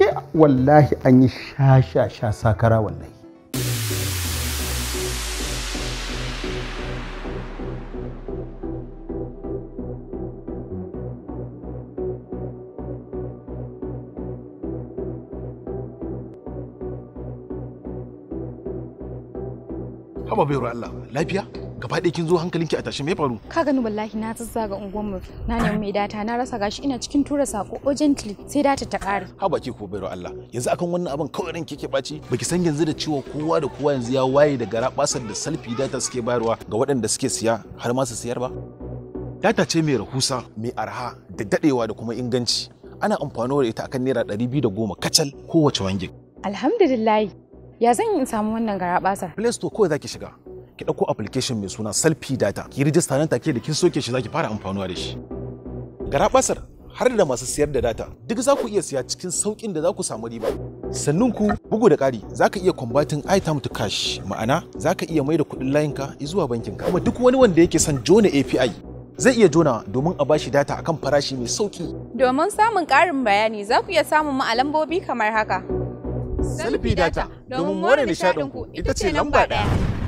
ke wallahi an yi sha-sha-sha sakara wallahi haba bai Allah lafiya gaba kin zo hankalinki a tashi me faru ka gani wallahi na zazzaga unguwar mu na nemi mai data na rasa gashi ina cikin tura sako urgently sai data ta ƙare ha baki ko bayar Allah yanzu akan wannan abin kawai ran kike baci baki san yanzu da cewa kowa da kowa yanzu ya waye da gara da salfi data suke bayarwa ga waɗanda suke siya har ma su siyar ba data ce mai rahusa mai arha da dadewa da kuma inganci ana amfani da ita akan naira ɗari biyu da goma kacal kowace wangin alhamdulillah ya zan in samu wannan garabasar play store kawai zaki shiga ki ɗauko application mai suna selfie data ki rijista nan take da kin soke shi zaki fara amfanuwa da shi garabasar har da masu siyar da data duk za ku iya siya cikin sauƙin da za ku samu riba sannan ku bugu da ƙari za ka iya combating item to cash ma'ana za ka iya maida kuɗin layinka zuwa bankinka kuma duk wani wanda yake son jona api zai iya jona domin a bashi data akan farashi mai sauƙi domin samun ƙarin bayani za ku iya samun mu a lambobi kamar haka selfie data domin more ku, ita ce lamba ɗaya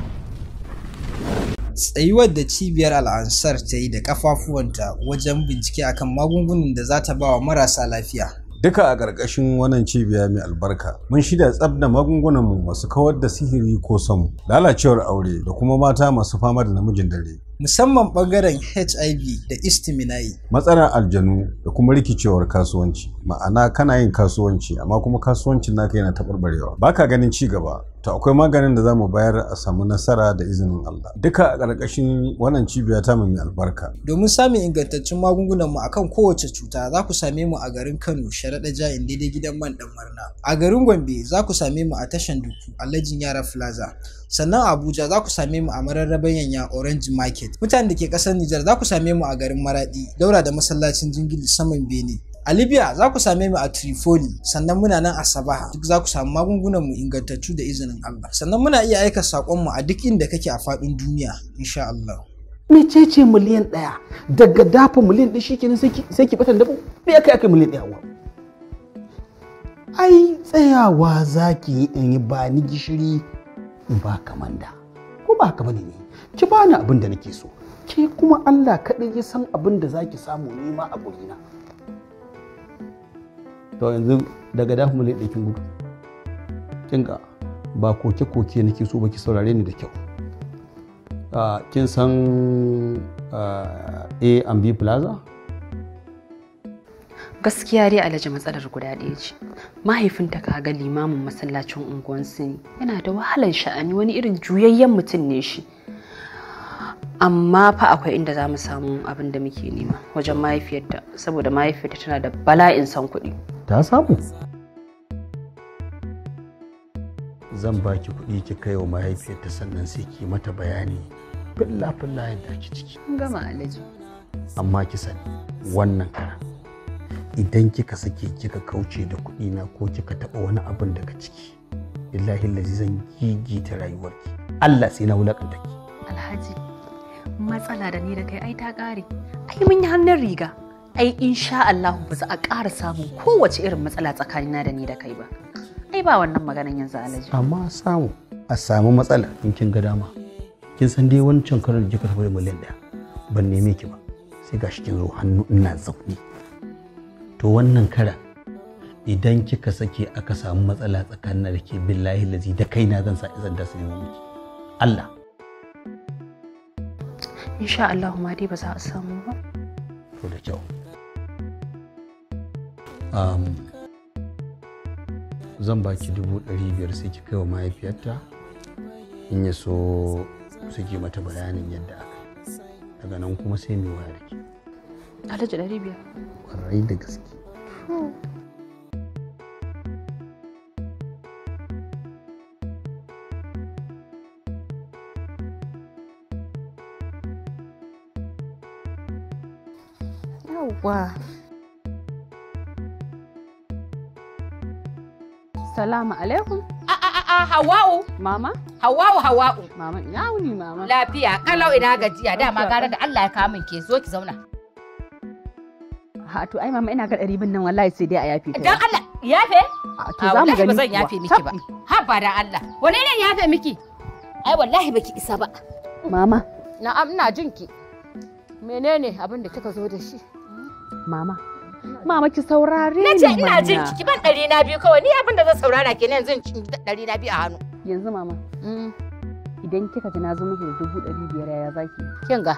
tsayuwar da cibiyar al'ansar ta yi da kafafuwanta wajen bincike akan magungunan da za ta ba marasa lafiya duka a ƙarƙashin wannan cibiya mai albarka mun shirya tsab da magungunanmu masu kawar da sihiri ko samu lalacewar aure da kuma mata masu fama da namijin dare musamman bangaren HIV da istiminai. Matsalar aljanu da kuma rikicewar kasuwanci. Ma'ana kana yin kasuwanci amma kuma kasuwancin naka yana taɓarɓarewa. Ba ka ganin ci gaba, to akwai maganin da za mu bayar a samu nasara da izinin Allah. Duka a ƙarƙashin wannan cibiya ta mu albarka. Domin samun ingantaccen magungunan mu akan kowace cuta za ku same mu a garin Kano Sharaɗa Jain daidai gidan man ɗan Marna. A garin Gombe za ku same mu a tashan Duku Alhajin Yara Plaza. sannan Abuja za ku same mu a mararraban yanya Orange Market. Mutanen da ke kasar Nijar za ku same mu a garin Maraɗi, daura da masallacin Jingili saman Bene. A Libya za ku same mu a Tripoli, sannan muna nan a Sabaha, duk za ku samu magungunan mu ingantattu da izinin Allah. Sannan muna iya aika saƙon mu a duk inda kake a faɗin duniya, insha Allah. Mecece miliyan ɗaya daga dafa miliyan ɗaya shi kenan sai ki batan dafa me kai aka miliyan ɗaya Ai tsayawa za yi in yi ba ni gishiri in ba kamanda ko ba ka bane ne ki bani abin da nake so ke kuma Allah kaɗai ya san abin da zaki samu nema a gurina to yanzu daga da kuma ɗakin gudu kinga ba koke koke nake so ba ki saurare ni da kyau ah, kin san ah, a and b plaza gaskiya dai alhaji matsalar guda ɗaya ce mahaifinta ka ga limamin masallacin unguwan sini yana da wahalan sha'ani wani irin juyayyen mutum ne shi amma fa akwai inda za mu samu abin da muke nema wajen mahaifiyarta saboda mahaifiyarta tana da bala'in son kuɗi ta samu zan baki kuɗi ki kai wa mahaifiyarta sannan sai ki mata bayani filla filla yadda ki ciki gama alhaji amma ki sani wannan kara idan kika sake kika kauce da kuɗi na ko kika taɓa wani abin daga ciki billahi lazi zan gigita rayuwarki Allah sai na wulakanta ki alhaji matsala da ni da kai ai ta ƙare ai mun yi hannun riga ai insha Allah ba za a ƙara samun kowace irin matsala tsakanina da ni da kai ba ai ba wannan maganan yanzu alhaji amma samu a samu matsala in kin ga dama kin san dai wancan karin da kika tafi da miliyan ɗaya ban neme ki ba sai gashi kin zo hannu ina zaune to wannan kara idan kika sake aka samu matsala tsakanin da ke billahi lazi da kaina zan sa izan da su ne Allah insha Allah ma dai ba za a samu ba to da kyau um, zan baki dubu ɗari biyar sai ki kai wa mahaifiyarta in ya so suke mata bayanin yadda aka daga nan kuma sai mai waya da ke. ɗari biyar. da gaske. yawwa salamu alaikum a hawa'u mama hawa'u hawa'u mama ina wuni mama lafiya kalau ina gajiya dama gara da Allah ya kawo min ke zo ki zauna ha to ai mama ina ga ɗari bin nan wallahi sai dai a yafe ta ah, dan Allah yafe to za mu gani ba zan yafe miki ba ha ba dan Allah wani ne yafe miki ai wallahi baki isa ba mama na'am ina jin ki menene abin da kika zo da shi mama mama ki saurare ni nace ina jin ki ban ɗari na biyu kawai ni abin da zan saurara kenan yanzu in ɗari na biyu a hannu yanzu mama mm. idan kika ji na zo miki da dubu ɗari biyar ya zaki kin ga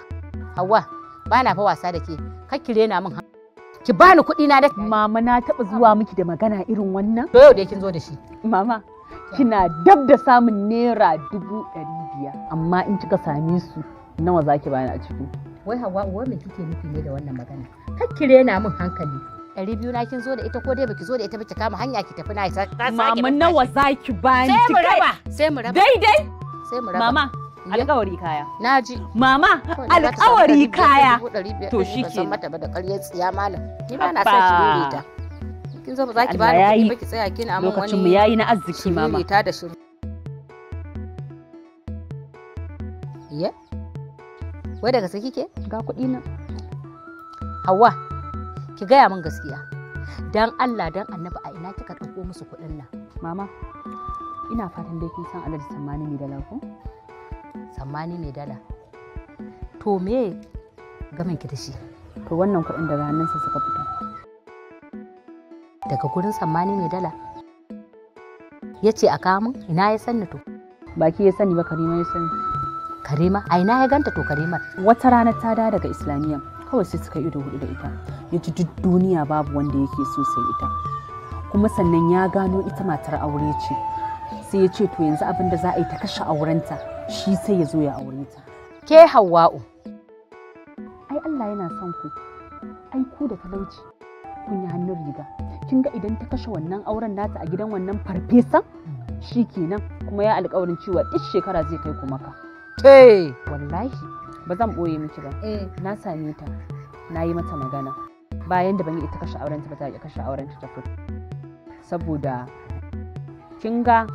hawa ba na fa wasa da ke kakkire na min ki bani kuɗi na da mama na taɓa zuwa miki da magana irin wannan to yau da kin zo da shi mama kina dab da samun naira dubu ɗari biyar amma in kika same su nawa zaki bani a ciki wai hawa uwa me kike nufi ne da wannan magana kakkire rena min hankali ɗari biyu na kin zo da ita ko dai baki zo da ita ba ki kama hanya ki tafi na ita mama nawa zaki bani sai mu raba sai mu raba daidai sai mu raba mama alƙawari kaya mama alƙawari kaya to eh, shi ke mata ba da ƙaryar tsiya malam ni ba na sa kin zo ba ba da kuɗi ba ki tsaya kina wani mu yayi na arziki mama shiriri da shiriri ya wai daga kike ga kuɗi nan. hawa ki gaya min gaskiya dan Allah dan annabi a ina kika ɗauko musu kuɗin nan mama ina fatan dai kin san alhaji ne da lafiya tsammani mai dala to me gamin ki da to wannan kuɗin daga hannunsa suka fito daga gurin tsammani mai dala ya ce a kamun ina ya sani to baki ya sani ba karima ya sani karima a ina ya ganta to karimar wata rana ta da daga islamiyya kawai sai suka ido hudu da ita ya ji duk duniya babu wanda yake so sai ita kuma sannan ya gano ita matar aure ce sai ya ce to yanzu abin da za a yi ta kashe aurenta shi sai ya zo ya aure ta ke hawa'u ai Allah yana son ku ai ku da talauci kun yi hannun riga kin ga idan ta kashe wannan auren nata a gidan wannan farfesan shi kenan kuma ya alkawarin cewa duk shekara zai kai ku maka Te. wallahi ba zan boye miki ba eh. na same ta na yi mata magana bayan da ban yi ita kashe auren ta ba ta kashe auren ta ta saboda kin ga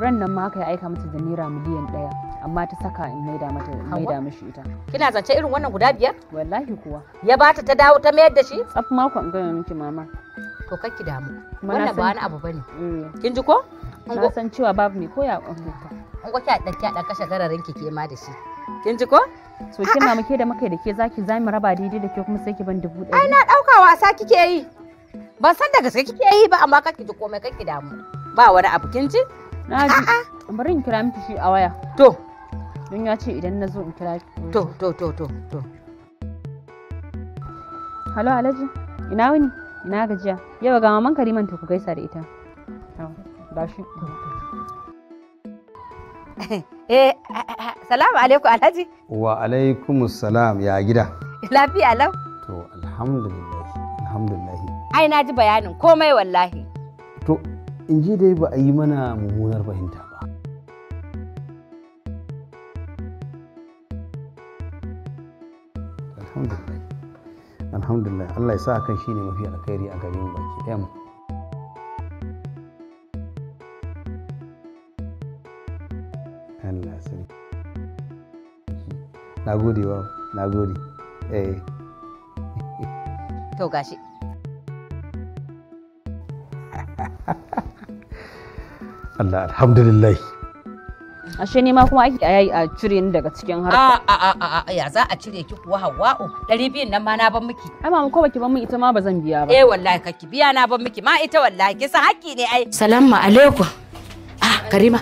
ran nan ma aka aika mata da naira miliyan ɗaya amma ta saka in maida mata maida mishi ita kina zance irin wannan guda biyar wallahi kuwa ya bata ta dawo ta mayar da shi tsaf mako in gaya miki mama to ki damu wannan ba wani abu bane mm. kin ji ko na san cewa babu mai koya a hukunta An ko ki a ɗan ɗan kashe gararin ki ke ma da shi kin ji ko so kin mama ke da muka da ke zaki mu raba daidai da ke kuma sai ki ban dubu ɗari ai na ɗauka wasa kike yi ban san da gaske kike yi ba amma kake ji komai kake damu ba wani abu kin ji Na ji. Bari in kira miki shi a waya. To. Don ya ce idan na zo in kira ki. To to to to to. Halo Alhaji. Ina wuni? Ina gajiya. Yau ga maman Kariman ta ku gaisa da ita. Ba shi. Eh, salamu alaikum Alhaji. Wa alaikum salam ya gida. Lafiya lau. To alhamdulillah alhamdulillah. Ai na ji bayanin komai wallahi. To in ji dai ba a yi mana mummunar fahimta ba alhamdulillah alhamdulillah Allah ya sa kan shi ne mafi alkhairi a gare mu baki ɗaya mu Allah sarki na gode wa na gode eh to gashi Allah alhamdulillah ashe ne ma kuma ake ayi a cire ni daga cikin harka a a a ya za a cire ki kuwa Hawwa'u ɗari biyun nan ma na ban miki ai mamu ko baki ban min ita ma ba zan biya ba eh wallahi kaki biya na ban miki ma ita wallahi ki san ne ai salamu alaikum ah Karima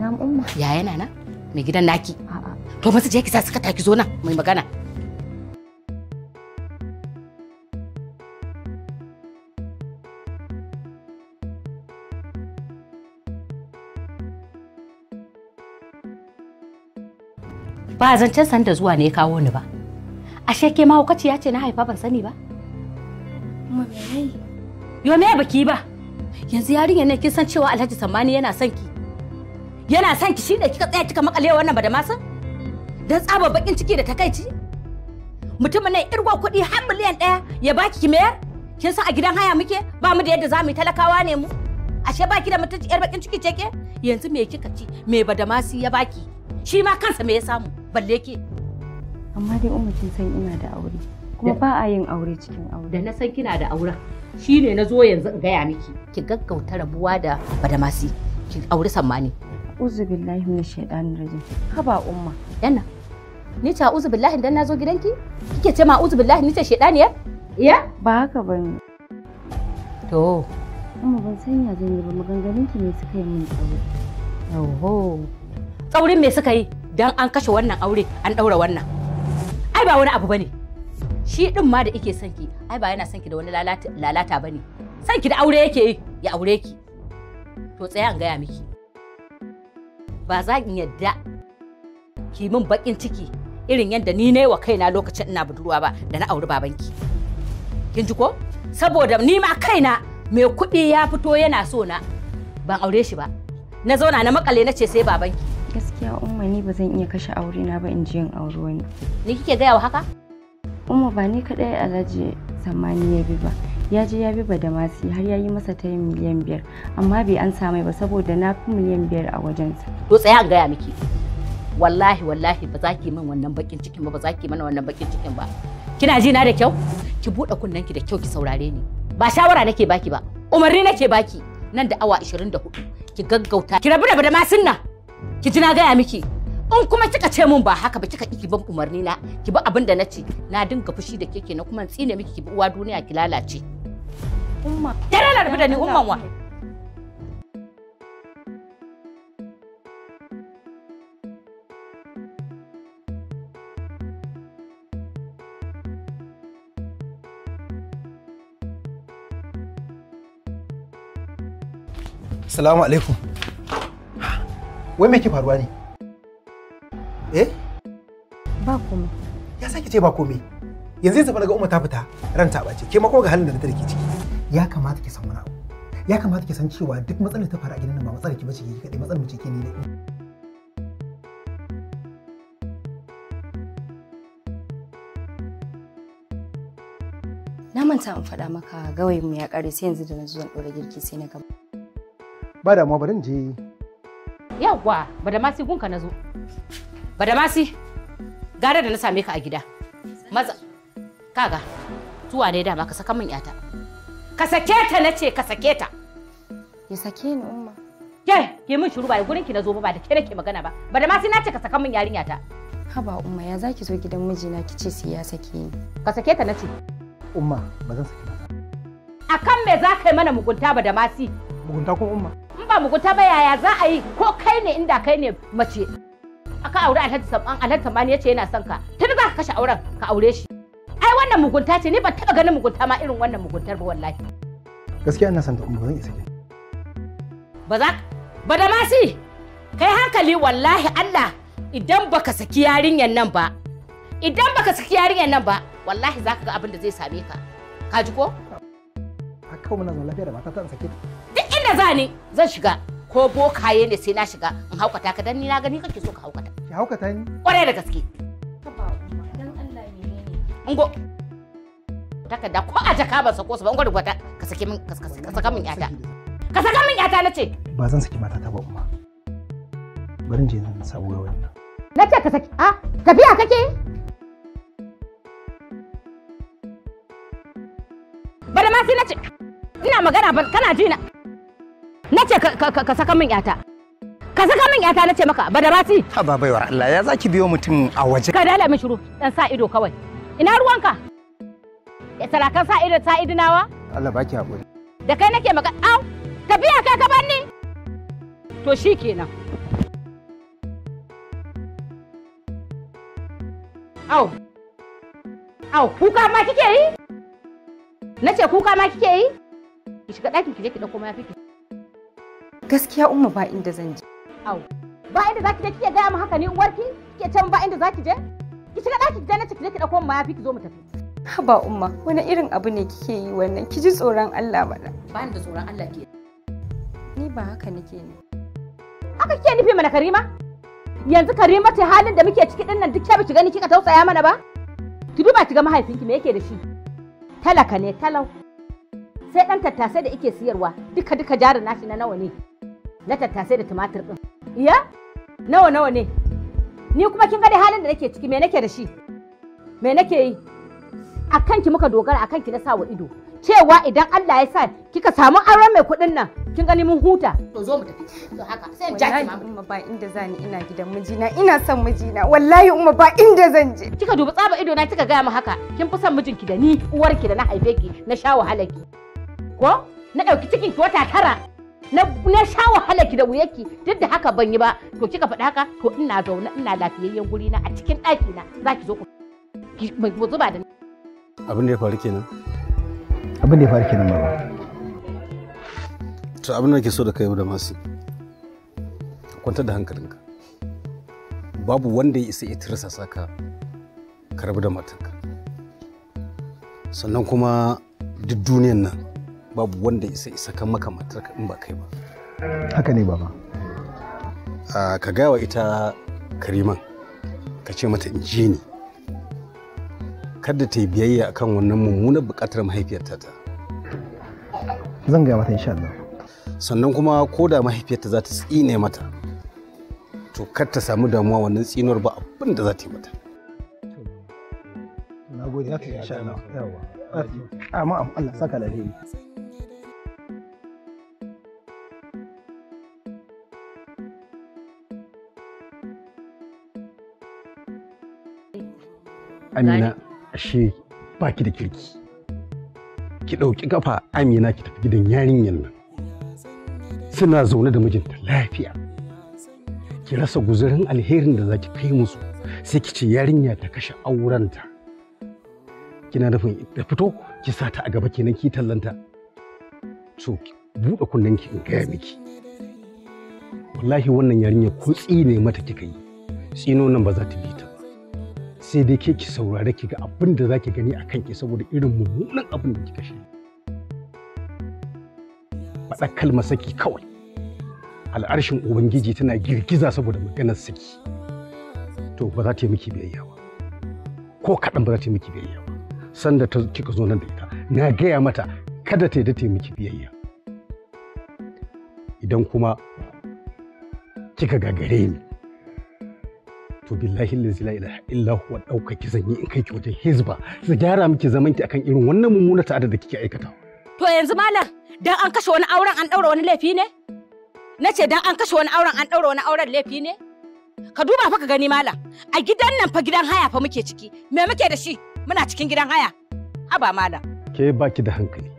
na'am umma ya yana na mai gidan naki a a to masu je ki sa suka taki zo nan mai magana ba zancen san da zuwa ne ya kawo ni ba ashe ke ma ya ce na haifa ban sani ba kuma me yo me baki ba yanzu yarinya ne kin san cewa Alhaji Sammani yana son ki yana son ki shine kika tsaya kika makale wannan ba da masan dan tsaba bakin ciki da takaici mutumin nan irwa kuɗi har miliyan ɗaya ya baki ki mayar kin san a gidan haya muke ba mu da yadda zamu yi talakawa ne mu ashe baki da mutunci yar bakin ciki ce ke yanzu me kika ci me badamasi ya baki shi ma kansa me ya samu balle ke amma dai umma kin san ina da aure kuma ba a yin aure cikin aure da na san kina da auren shine na zo yanzu in gaya miki ki gaggauta rabuwa da badamasi ki aure sammani uzu billahi min shaitanir rajim haba umma yana ni ta uzu billahi dan nazo gidanki kike ce ma uzu billahi ni ta shaitaniya ya Ya? ba haka ba ne. to amma ban san ya zan yi ba maganganun ki ne suka yi min tsauri oho tsaurin me suka yi dan an kashe wannan aure an daura wannan ai ba wani abu bane shi din ma da yake sanki ai ba yana sanki da wani lalata lalata bane son da aure yake ya aure ki to tsaya an gaya miki ba za in yadda ki min bakin ciki irin yadda ni ne wa kaina lokacin ina budurwa ba da na auri babanki kin ji ko saboda ni ma kaina mai kuɗi ya fito yana so na ban aure shi ba na zauna na makale na ce sai babanki gaskiya umma ni ba zan iya kashe aure na ba in ji yin aure wani ni kike gaya wa haka umma ba ni kadai alhaji samani ya bi ba ya ji ya bi ba da masi har ya yi masa ta miliyan biyar amma bai an samai ba saboda na fi miliyan biyar a wajensa to tsaya an gaya miki wallahi wallahi ba za ki min wannan bakin cikin ba ba za ki mana wannan bakin cikin ba kina ji na da kyau ki buɗe kunnen ki da kyau ki saurare ni ba shawara nake baki ba umarni nake baki nan da awa 24 ki gaggauta ki rabu da da masin nan Ki ji na gaya miki. In kuma kika ce mun ba haka ba kika ki ban umarni na ki bi abin da nace na dinga fushi da keke na kuma tsine miki ki bi uwa duniya ki lalace. Umma. Dare da ni umman wa. Assalamu alaikum. wai me ke faruwa ne eh ba komai ya sake ce ba komai yanzu yanzu na ga umma ta fita ran ta bace ke ma ga halin da take ciki ya kamata ki san wani abu ya kamata ki san cewa duk matsalar ta faru a gidan nan ba matsalar ki bace ki kadai matsalar mu ke ne ne Na manta in faɗa maka gawayin mu ya ƙare sai yanzu da na zuwan ɗora girki sai na gaba. Ba damuwa bari in je Yawwa, masi gunka na zo. masi gara da na same ka a gida. Maza, kaga, zuwa ne dama ka saka min yata. Ka sake ta na ce ka sake ta. Ya sake ni umma. Ke, ke min shuru ba da gurin ki na zo ba ba da ke nake magana ba. Badamasi na ce ka saka min yarinya ta. Haba umma ya zaki zo gidan mijina ki ce sai ya sake ni. Ka sake ta na ce. Umma, ba zan sake ba. Akan me za ka mana mugunta ba da masi? Mugunta kun umma. in ba mugunta ba yaya za a yi ko kai ne inda kai ne mace aka aure alhaji saban alhaji saban ya ce yana son ka tun za ka kashe auren ka aure shi ai wannan mugunta ce ni ban taba ganin mugunta ma irin wannan muguntar ba wallahi gaskiya ina son ta umma zan isa ke ba za ba da masi kai hankali wallahi Allah idan baka saki yarinyan nan ba idan baka saki yarinyan nan ba wallahi zaka ga abin da zai same ka ka ji ko haka muna zaune lafiya da mata ta sake ta inda za ni zan shiga ko bokaye ne sai na shiga in haukata ka dan ni na gani kake so ka haukata ki haukata ni kware da gaske dan ko a jaka sako su ka saka min yata ka saka min yata nace ba zan saki ka saki a tafiya kake ma sai ina magana kana ji na ce ka saka min yata ka saka min yata na ce maka badarati ha ba baiwa Allah ya zaki biyo mutum a waje ka dala min shiru dan sa ido kawai ina ruwanka ya talakan sa ido sa idinawa Allah baki hakuri da kai nake maka au tafiya kai ka banni to shikenan au au kuka ma kike yi na ce kuka ma kike yi ki shiga ɗakin ki je ki ɗauko mayafi Gaskiya umma ba inda zan je. Au. Ba inda zaki je kike gaya mu haka ni uwarki? Kike can ba inda zaki je? Ki shiga ɗaki ki na ki je ki ɗauko mu fi ki zo mu tafi. Haba umma, wani irin abu ne kike yi wannan? Ki ji tsoron Allah bada. Ba ni da tsoron Allah ke. Ni ba haka nake ne. Haka kike nufi mana Karima? Yanzu Karima ta halin da muke ciki dinnan duk ba ki gani kika tausaya mana ba? Ki duba ki ga mahaifinki me yake da shi? Talaka ne talau. sai ɗan tattasai da ike siyarwa duka duka jarin nashi na nawa ne na tattasai da tumatir ɗin iya nawa nawa ne ni kuma kin gani halin da nake ciki me nake da shi me nake yi a kanki muka dogara a kanki na sa wa ido cewa idan Allah ya sa kika samu aron mai kuɗin nan kin gani mun huta to zo mu tafi to haka sai in jaki ma umma ba inda zani ina gidan mijina ina son mijina wallahi umma ba inda zan je kika dubi tsaba ido na kika gaya mu haka kin fi son mijinki da ni uwarki da na haife ki na sha wahalar ki ko na ɗauki cikin ki wata tara na na sha wahala ki da wuyarki duk da haka ban yi ba to kika faɗi haka to ina zaune ina lafiyayyen guri na a cikin ɗaki na za ki zo ku mu zuba da abin da ya faru kenan abin da ya faru kenan baba to abin da ke so da kai da masu kwantar da hankalinka babu wanda ya isa ya tirsa saka ka rabu da matarka sannan kuma duk duniyan nan babu wanda isa isa kan maka matar in ba kai ba haka ne baba A ka gawa ita kariman ka ce mata in ji ni kada ta yi biyayya akan wannan mummunar buƙatar mahaifiyarta ta zan gaya mata insha Allah sannan kuma ko da mahaifiyarta za ta tsine mata to kar ta samu damuwa wannan tsinuwar ba abin da za ta yi mata na gode za ta yi insha Allah yawa amma Allah saka lafiya Amina ashe baki da kirki. Ki ɗauki kafa Amina ki tafi gidan yarinyar nan. Suna zaune da mijinta lafiya. Ki rasa guzurin alherin da za ki kai musu sai ki ce yarinya ta kashe aurenta. Kina nufin da fito ki sa ta a gaba kenan ki tallanta. So ki buɗe ki in gaya miki. Wallahi wannan yarinya ko tsine mata kika yi. Tsino nan ba za ta bi ta. sai dai ke ki saurare ki ga abin da zaki gani a kanki saboda irin mummunan abin da kika shi faɗa kalmar saki kawai al'arshin ubangiji tana girgiza saboda maganar saki to ba za ta yi miki biyayya ba ko kaɗan ba za ta yi miki biyayya ba sanda ta kika zo nan da ita na gaya mata kada ta yi ta yi miki biyayya idan kuma kika gagare ni to billahi la ilaha illa huwa daukaki zan yi in kai ki wajen hizba su gyara miki zaman ki akan irin wannan mummuna ta'ada da kike aikata to yanzu malam dan an kashe wani auren an daura wani laifi ne nace dan an kashe wani auren an daura wani auren laifi ne ka duba fa ka gani malam a gidan nan fa gidan haya fa muke ciki me muke da shi muna cikin gidan haya haba malam ke baki da hankali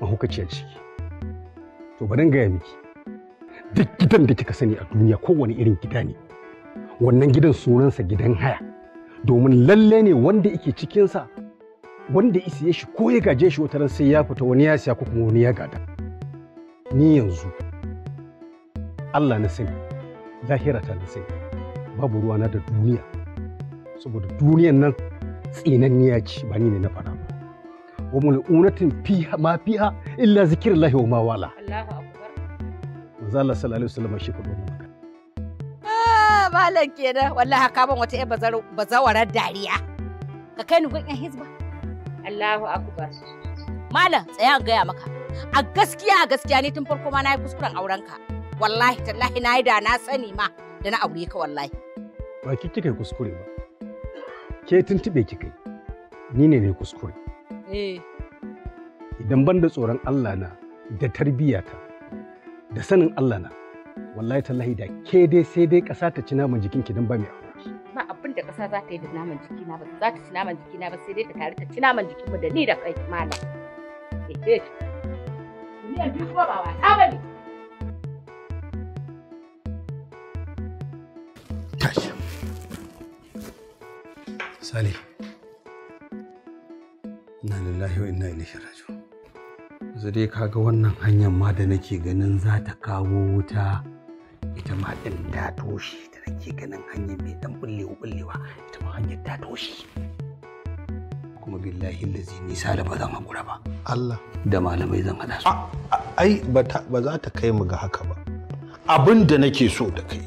mahukaciyar ciki to bari gaya miki duk gidan da kika sani a duniya kowane irin gida ne wannan gidan sunansa gidan haya domin lalle ne wanda yake cikinsa wanda ya shi ko ya gaje shi wataran sai ya fita wani ya siya ko kuma wani ya gada ni yanzu Allah na sani lahira ta na sani babu ruwa na da duniya saboda duniyan nan tsinanniya ce ba ni ne na fara ba wa mul'unatin fiha ma fiha illa zikrullahi wa ma wala Allahu manzo Allah sallallahu alaihi wasallam shi kuma magana ah, malam kenan wallahi haka ban wata bazawarar dariya ka kai ni gun yan hizba Allahu akbar malam tsaya gaya maka a gaskiya a gaskiya ne tun farko ma na yi kuskuren aurenka wallahi tallahi na yi da na sani ma da na aure ka wallahi ba ki kike kuskure ba ke tuntube ki kai ni ne ne kuskure eh idan ban da tsoron Allah na da tarbiyata da sanin Allah na wallahi tallahi da ke dai sai dai ƙasa ta ci naman jikinki don ba mai aure. ba abin da ƙasa za ta yi da naman jikina ba za ta ci naman jikina ba sai dai ta tare ta ci naman jikinmu da ni da kai malam ehe duniyar biyu kuma ba wasa ba ne tashi sale inna lillahi wa inna ilaihi raji'un yanzu dai kaga wannan hanyar ma da nake ganin za ta kawo wuta ita ma ɗin ta da nake ganin hanyar mai ɗan bullewa bullewa ita ma hanyar ta kuma billahi lazi nisa da ba haƙura ba Allah da malamai zan haɗa su ai ba za ta kai mu ga haka ba abin da nake so da kai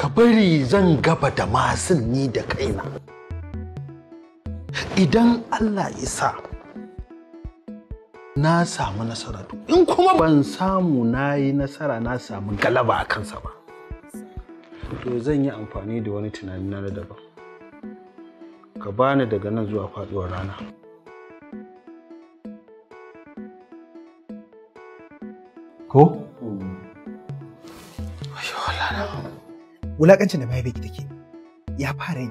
ka bari zan gaba da masin ni da kaina idan Allah ya sa na samu nasara in kuma ban samu na yi nasara na samu galaba a kansa ba to zan yi amfani da wani tunani na daban ka bani daga nan zuwa faduwar rana ko? wulakancin da mahaifiyarki take ya fara yi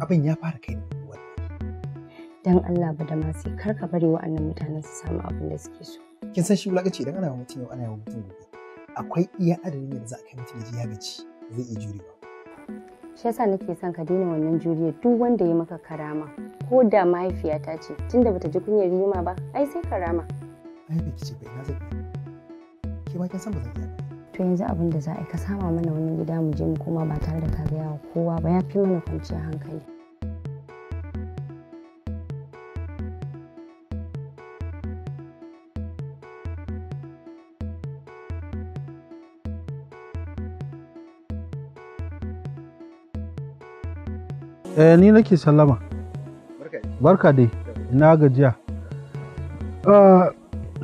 abin ya fara kai ne don Allah ba da masu sai kar ka bari wa'annan mutanen su samu abin da suke so. Kin san shi ce idan ana mutum yau ana yawan mutum gobe. Akwai iya adadin da za a kai mutum ya gaci zai iya ba. Shi yasa nake son ka daina wannan juriya duk wanda ya maka karama ko da mahaifiyata ce tunda bata ji kunyar yunwa ba ai sai karama. Ai bai ce bai na zai ke ma kin san ba zan iya. To yanzu abin da za a yi ka sama mana wani gida mu je mu koma ba tare da ka gaya wa kowa ba ya fi mana kwanciyar hankali. Eh ni nake sallama. Barka dai. Ina gajiya. Suna ah,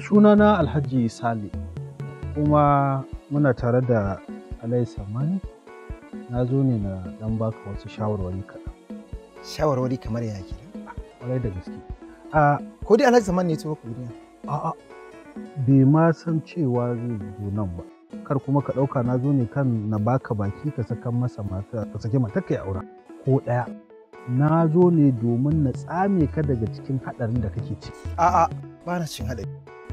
sunana Alhaji Sale kuma muna tare da Alai Samani. Na zo ne na dan baka wasu shawarwari kaɗan. Shawarwari kamar ya ke? Kwarai da gaske. Uh, ko dai Alhaji Samani ne ya ku A'a. Bai ma san cewa zai zo nan ba. Kar kuma ka ɗauka na zo ne kan na baka baki ka saka masa mata ka sake mata kai aura. ko ɗaya na zo ne domin na tsame ka daga cikin haɗarin da kake ciki a'a ba na cikin haɗari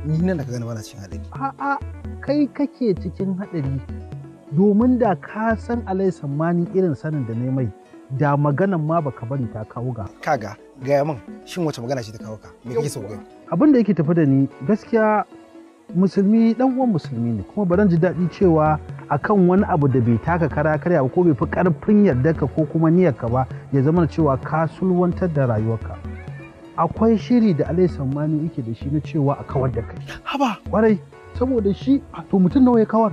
ni nan da ka gani ba na cikin haɗari a'a kai kake cikin haɗari domin da ka san alai sammani irin sanin da ne mai da maganan ma baka bari ta kawo ga kaga gaya min shin wace magana ce ta kawo ka me kake so gani abin da yake tafi da ni gaskiya musulmi dan uwan musulmi ne kuma baran ji daɗi cewa akan wani abu da bai taka kara karya ko bai fi karfin ka ko kuma ka ba ya zama cewa ka sulwantar da rayuwarka akwai shiri da alai sammani yake da shi na cewa a kawar da kai haba kwarai saboda shi to mutum nawa ya kawar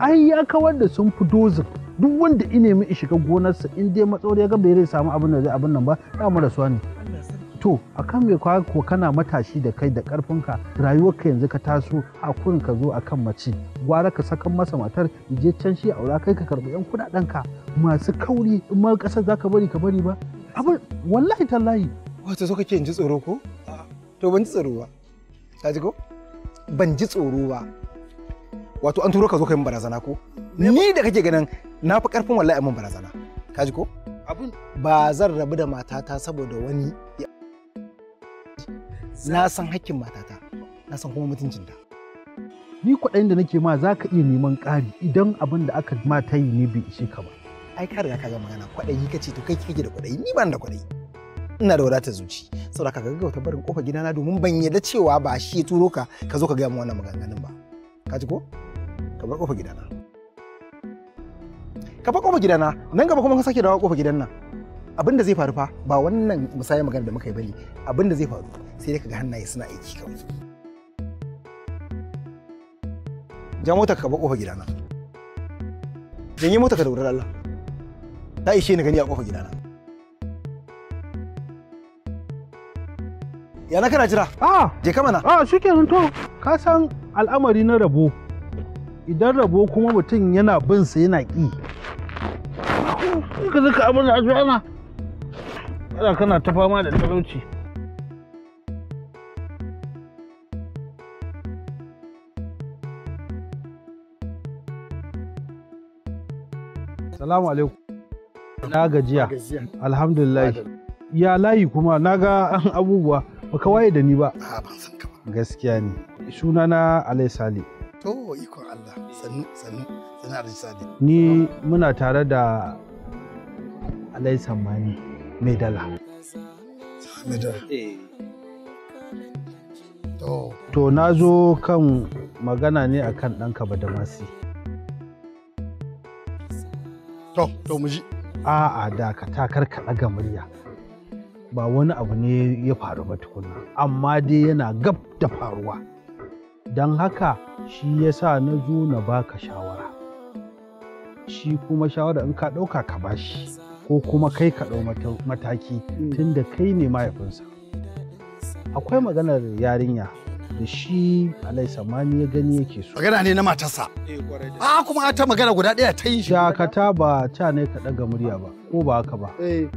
ai ya kawar da sun fi dozin duk wanda ina mai shiga gonarsa in dai matsawar ya ga bai zai samu abin da zai abin nan ba da mu rasuwa ne to a me mai ko kana matashi da kai da karfinka ka yanzu ka taso a kurin ka zo akan mace gwara ka sakan masa matar je can shi aura kai ka karbi yan kudaden ka masu kauri in ma kasar zaka bari ka bari ba abin wallahi tallahi wato so kake in ji tsoro ko to ban ji tsoro ba ka ji ko ban ji tsoro ba wato an turo ka zo ka yi barazana ko ni da kake ganin na fi karfin wallahi min barazana ka ji ko abin ba zan rabu da matata saboda wani na san hakkin matata na san kuma mutuncinta ni kuɗin da nake ma za ka iya neman ƙari idan abin da aka ma ta yi ne bai ishe ka ba ai ka riga ka ga magana kwaɗayi ka ce to kai kake da kwaɗayi ni ban da kwaɗayi ina da wadata zuci saboda ka gaggauta barin kofar gidana domin ban yarda cewa ba shi ya turo ka ka zo ka gaya mu wannan maganganun ba ka ji ko ka bar kofar gidana ka bar kofar gidana nan gaba kuma ka sake dawo kofar gidan nan abin da zai faru fa ba wannan musayar magana da muka yi bane abin da zai faru sai dai kaga hannaye suna aiki kawai ja mota ka ba kofar gidana janye mota ka da wurin Allah ta ishe ni gani a kofar gidana ya na kana jira a je ka mana a shikenan to ka san al'amari na rabo idan rabo kuma mutum yana bin sa yana ki ka zaka amana da ana kada kana ta fama da talauci salamu alaikum na gajiya alhamdulillah ya layi kuma na ga an abubuwa baka waye da ni ba gaskiya ne suna na alai sali to ikon allah sannu sannu sannu alai sali ni muna tare da alai samani mai dala. Eh. To na zo kan magana ne akan ɗanka Badamasi. To, to mu ji. A'a da ka takar ka ɗaga murya. Ba wani abu ne ya faru ba tukuna, amma dai yana gab da faruwa. Don haka shi ya sa na zo na baka shawara. Shi kuma shawara in ka ɗauka ka bashi. ko kuma kai ka ɗau mataki mm. tunda kai ne mahaifinsa akwai maganar yarinya da shi alai samani ya gani yake so magana ne na matarsa eh, a kuma ta magana guda ɗaya ta yi shakata ba ta ne ka ɗaga murya ba ko ba haka ba eh.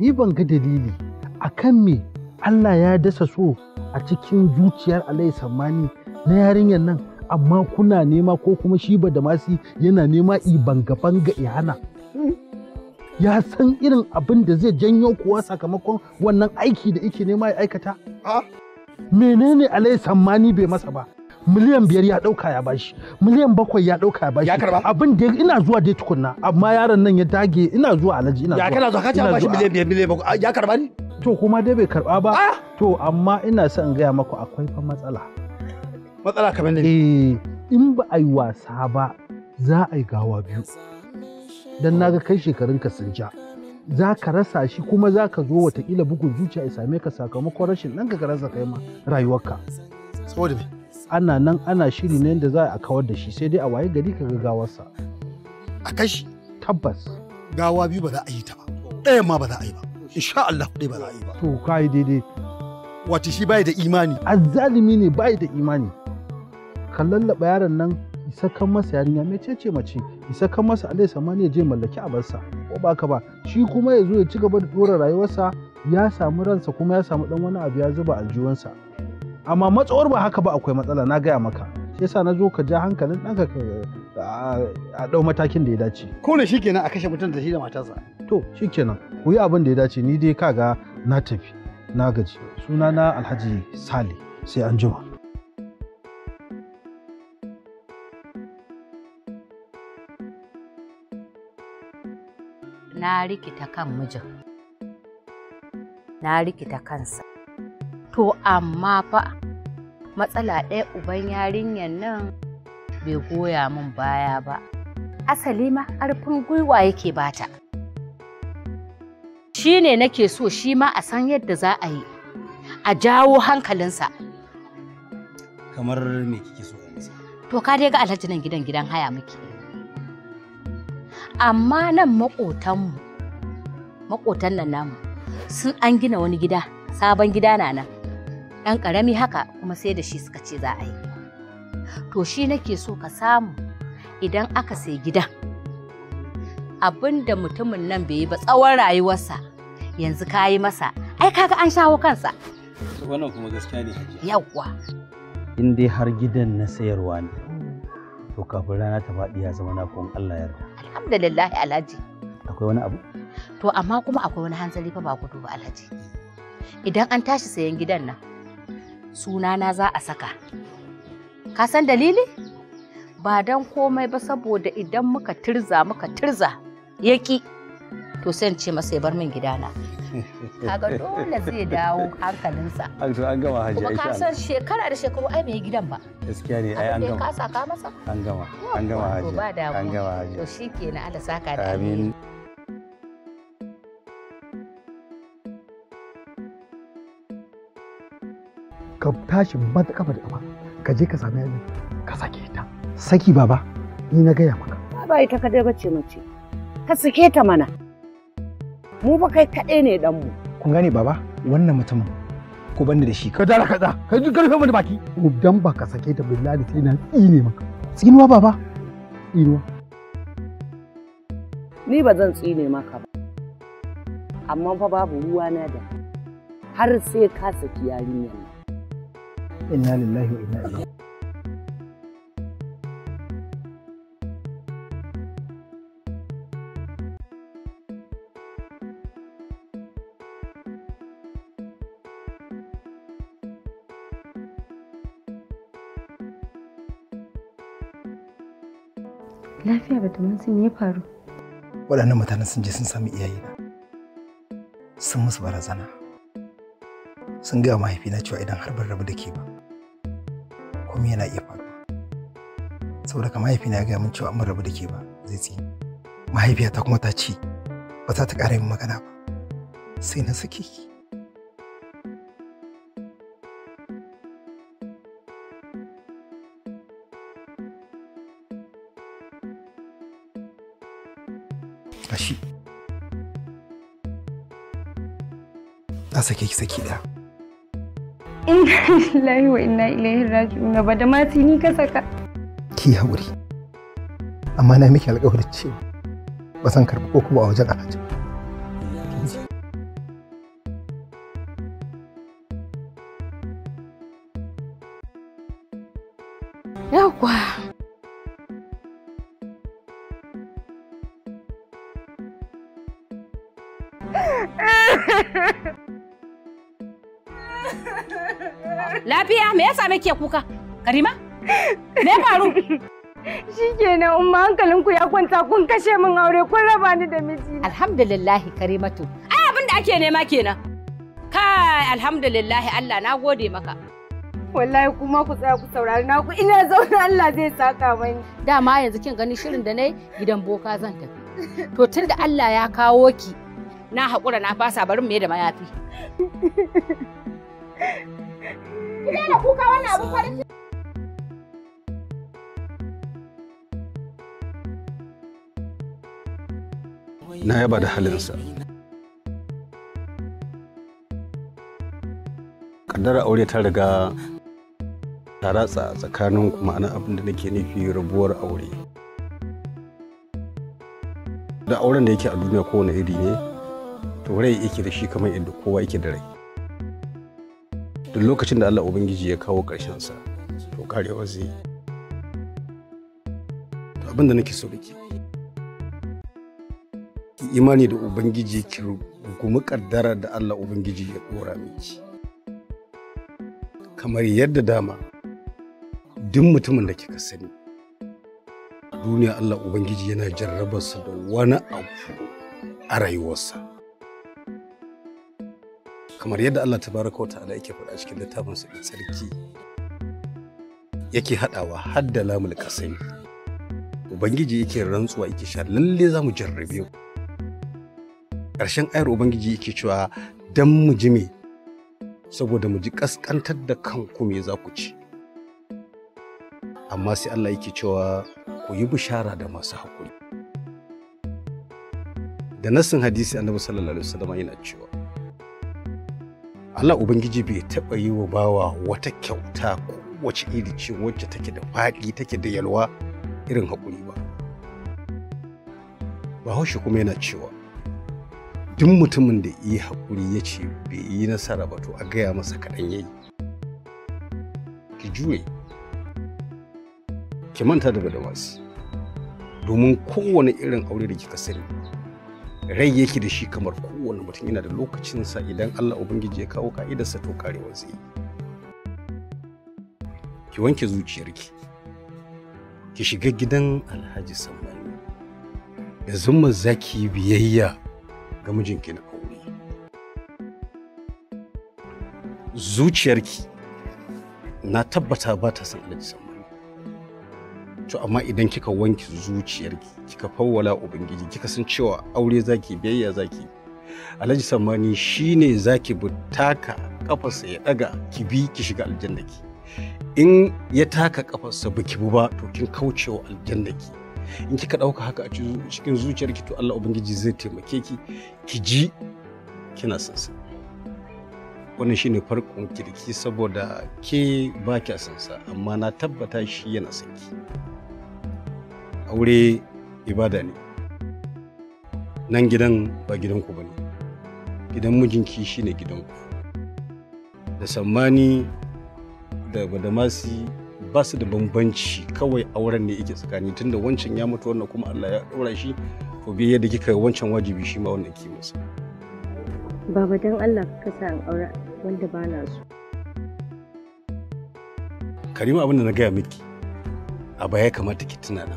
ni ban ga dalili A kan me Allah ya dasa so a cikin zuciyar alai samani na yarinyar nan amma kuna nema ko kuma shi ba da masu yana nema ibanga banga ihana mm. ya san irin abin da zai janyo kuwa sakamakon wannan aiki da yake nema ya aikata? Menene alai sammani bai masa ba? Miliyan biyar ya ɗauka ya bashi, miliyan bakwai ya ɗauka ya bashi. Ya karba? Abin da ina zuwa dai tukunna, amma yaron nan ya dage ina zuwa alaji ina zuwa. Ya kana zuwa ka ce shi miliyan biyar miliyan bakwai ah, ya karba ni To kuma dai bai karba ba. Ah! To amma ina son in gaya maku akwai fa matsala. Matsala kamar ne? Eh in ba a yi wasa ba za a yi gawa biyu. don na ga kai shekarunka sun ja za ka rasa shi kuma za ka zo watakila bugun zuciya ya same ka sakamakon rashin nan ka rasa kai ma rayuwarka ana nan ana shiri ne da za a kawar da shi sai dai a waye gari ka ga gawarsa a kashi tabbas gawa biyu ba za a yi ta ba ɗaya ma ba za a yi ba insha Allah dai ba za a yi ba to kai daidai wato shi bai da imani azzalimi ne bai da imani ka lallaba yaron nan sakan masa yarinya mai ce mace ya sakan masa alai samani ya je mallaki abarsa ko ba ka ba shi kuma ya zo ya ci gaba da dora rayuwarsa ya samu ransa kuma ya samu dan wani abu ya zuba aljiwansa amma matsawar ba haka ba akwai matsala na gaya maka shi yasa na zo ka ja hankalin ɗanka a ɗau matakin da ya dace ko ne shikenan a kashe mutum da shi da matarsa to shikenan ku yi abin da ya dace ni dai kaga na tafi na gaji suna na alhaji sale sai an jima na rikita kan mijin na rikita kansa to amma fa matsala ɗaya uban yarinyan nan bai goya min baya ba asali ma ƙarfin gwiwa yake bata shi ne nake so shi ma a san yadda za a yi a jawo hankalinsa kamar me kike so to ka dai ga alhaji nan gidan gidan haya muke amma nan maƙotanmu maƙotan nan namu sun an gina wani gida sabon gida na nan ɗan ƙarami haka kuma sai da shi suka ce za a yi to shi nake so ka samu idan aka sai gida abin da mutumin nan bai yi ba tsawon rayuwarsa yanzu ka yi masa ai kaga an shawo kansa wannan kuma gaskiya ne yawwa in dai har gidan na sayarwa ne to kafin rana ta faɗi ya zama na kun Allah yarda alhamdulillah alhaji akwai wani abu to amma kuma akwai wani hanzari fa ba ku duba alhaji idan an tashi sayan gidan nan sunana za a saka ka san dalili ba dan komai ba saboda idan muka tirza muka tirza yaki to sai ce masa ya bar min gidana kaga dole zai dawo hankalinsa an to an gama hajji kuma ka san shekara da shekaru ai mai gidan ba gaskiya ne ai an gama ka saka masa an gama an gama hajji ba da an gama hajji to shikenan Allah saka da amin ka tashi mata kafa da kafa ka je ka same ni ka sake ta saki baba ni na gaya maka ba ita kadai bace mace ka sake ta mana mu ba kai kaɗai ne ɗanmu. mu kun gane baba wannan mutumin ko banda da shi ka dara da, ka ji karfe da baki dan ba ka sake ta billahi sai na tsine maka tsinuwa baba tsinuwa ni ba zan tsine maka ba amma fa babu ruwa na da har sai ka saki yarinya inna lillahi wa inna ilaihi Tumansu sun yi faru? Waɗannan mutanen sun je sun sami na, Sun musu barazana. Sun gaya mahaifina cewa idan har ban rabu da ke ba, kuma yana iya faruwa. Saboda ka mahaifina ya gaya min cewa mun rabu da ke ba zai tsini. Mahaifiyata kuma ta ce ba za ta ƙara yin magana ba. Sai na sake ki. a sake ki saki daya inna lillahi wa inna ilaihi raji'un ba da mati ni ka saka ki haƙuri amma na miki alƙawarin cewa ba san karɓi ko kuma a wajen alhaji manta kun kashe min aure kun raba ni da miji. Alhamdulillah Karimatu. Ai abin da ake nema kenan. Kai alhamdulillah Allah na gode maka. Wallahi kuma ku tsaya ku saurari na ku ina zauna Allah zai saka mani. Dama yanzu kin gani shirin da nayi gidan boka zan tafi. To tunda Allah ya kawo ki na haƙura na fasa barin me da mayafi. Ki daina kuka wannan abu farin ciki. na yaba da halinsa kaddara aure ta riga ta ratsa tsakanin ma'ana abin da nake nufi rabuwar aure da auren da yake a duniya kowane iri ne to rai yake da shi kamar yadda kowa yake da rai duk lokacin da allah ubangiji ya kawo ƙarshensa to karewa zai abin da nake so da ke imani da ubangiji ki mu kaddara da Allah ubangiji ya kora miki kamar yadda dama duk mutumin da kika sani duniya Allah ubangiji yana jarrabarsa da wani abu a rayuwarsa kamar yadda Allah tabaraka wa ta'ala yake faɗa cikin littafinsa da tsarki yake haɗawa har da lamul kasani ubangiji yake rantsuwa yake sha lalle za mu jarrabe ku ƙarshen ayar ubangiji yake cewa dan mu ji me saboda mu ji kaskantar da kanku me za ku ci amma sai Allah yake cewa ku yi bishara da masu haƙuri da nassin hadisi annabi sallallahu alaihi wasallam yana cewa Allah ubangiji bai taɓa yi wa bawa wata kyauta ko wace iri ce wacce take da faɗi take da yalwa irin haƙuri ba bahaushe kuma yana cewa duk mutumin da yi hakuri ya ce bai yi nasara ba to a gaya masa kaɗan ya yi ki juye ki manta daga da masu domin kowane irin aure da kika sani rai yake da shi kamar kowane mutum yana da lokacinsa idan allah ubangiji ya kawo ka'idarsa to karewar zai ki wanke zuciyarki ki shiga gidan alhaji sammani da zuma zaki biyayya ga mijinki na aure zuciyarki na tabbata ba ta san alhaji sammani to amma idan kika wanke zuciyarki kika fawwala ubangiji kika san cewa aure zaki biyayya zaki alhaji sammani shi ne zaki bi taka kafarsa ya ɗaga ki bi ki shiga aljannaki in ya taka kafarsa ki bu ba to kin kauce aljanna ki in kika ɗauka haka a cikin zuciyarki to Allah ubangiji zai taimake ki ki ji kina son sa wannan shine farkon kirki saboda ke ba kya son sa amma na tabbata shi yana son ki aure ibada ne nan gidan ba gidanku ba ne gidan mijinki shine gidanku da sammani da badamasi ba su da bambanci kawai auren ne yake tsakani tunda wancan ya mutu wannan kuma Allah ya ɗora shi to bi yadda kika wancan wajibi shi ma wannan ke masa baba dan Allah ka sa an aure wanda ba na so Karima abin da na gaya miki a baya kamata ki tunana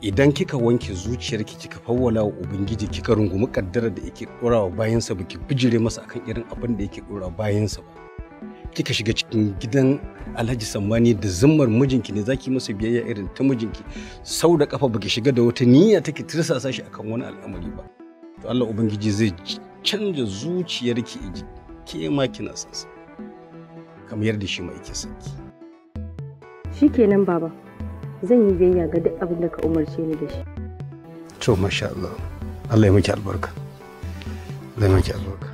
idan kika wanke zuciyarki kika fawwala wa ubangiji kika rungumi kaddara da yake dora wa bayansa baki bijire masa akan irin abin da yake dora bayansa ba kika shiga cikin gidan Alhaji Sammani da zummar mijinki ne zaki masa biyayya irin ta mijinki sau da kafa baki shiga da wata niyya take tirsasa shi akan wani al'amari ba to Allah ubangiji zai canja zuciyarki iji ke ma kina son sa kamar yadda shi ma yake son ki shikenan baba zan yi biyayya ga duk abin da ka umarce ni da shi to masha Allah Allah ya miki albarka Allah ya miki albarka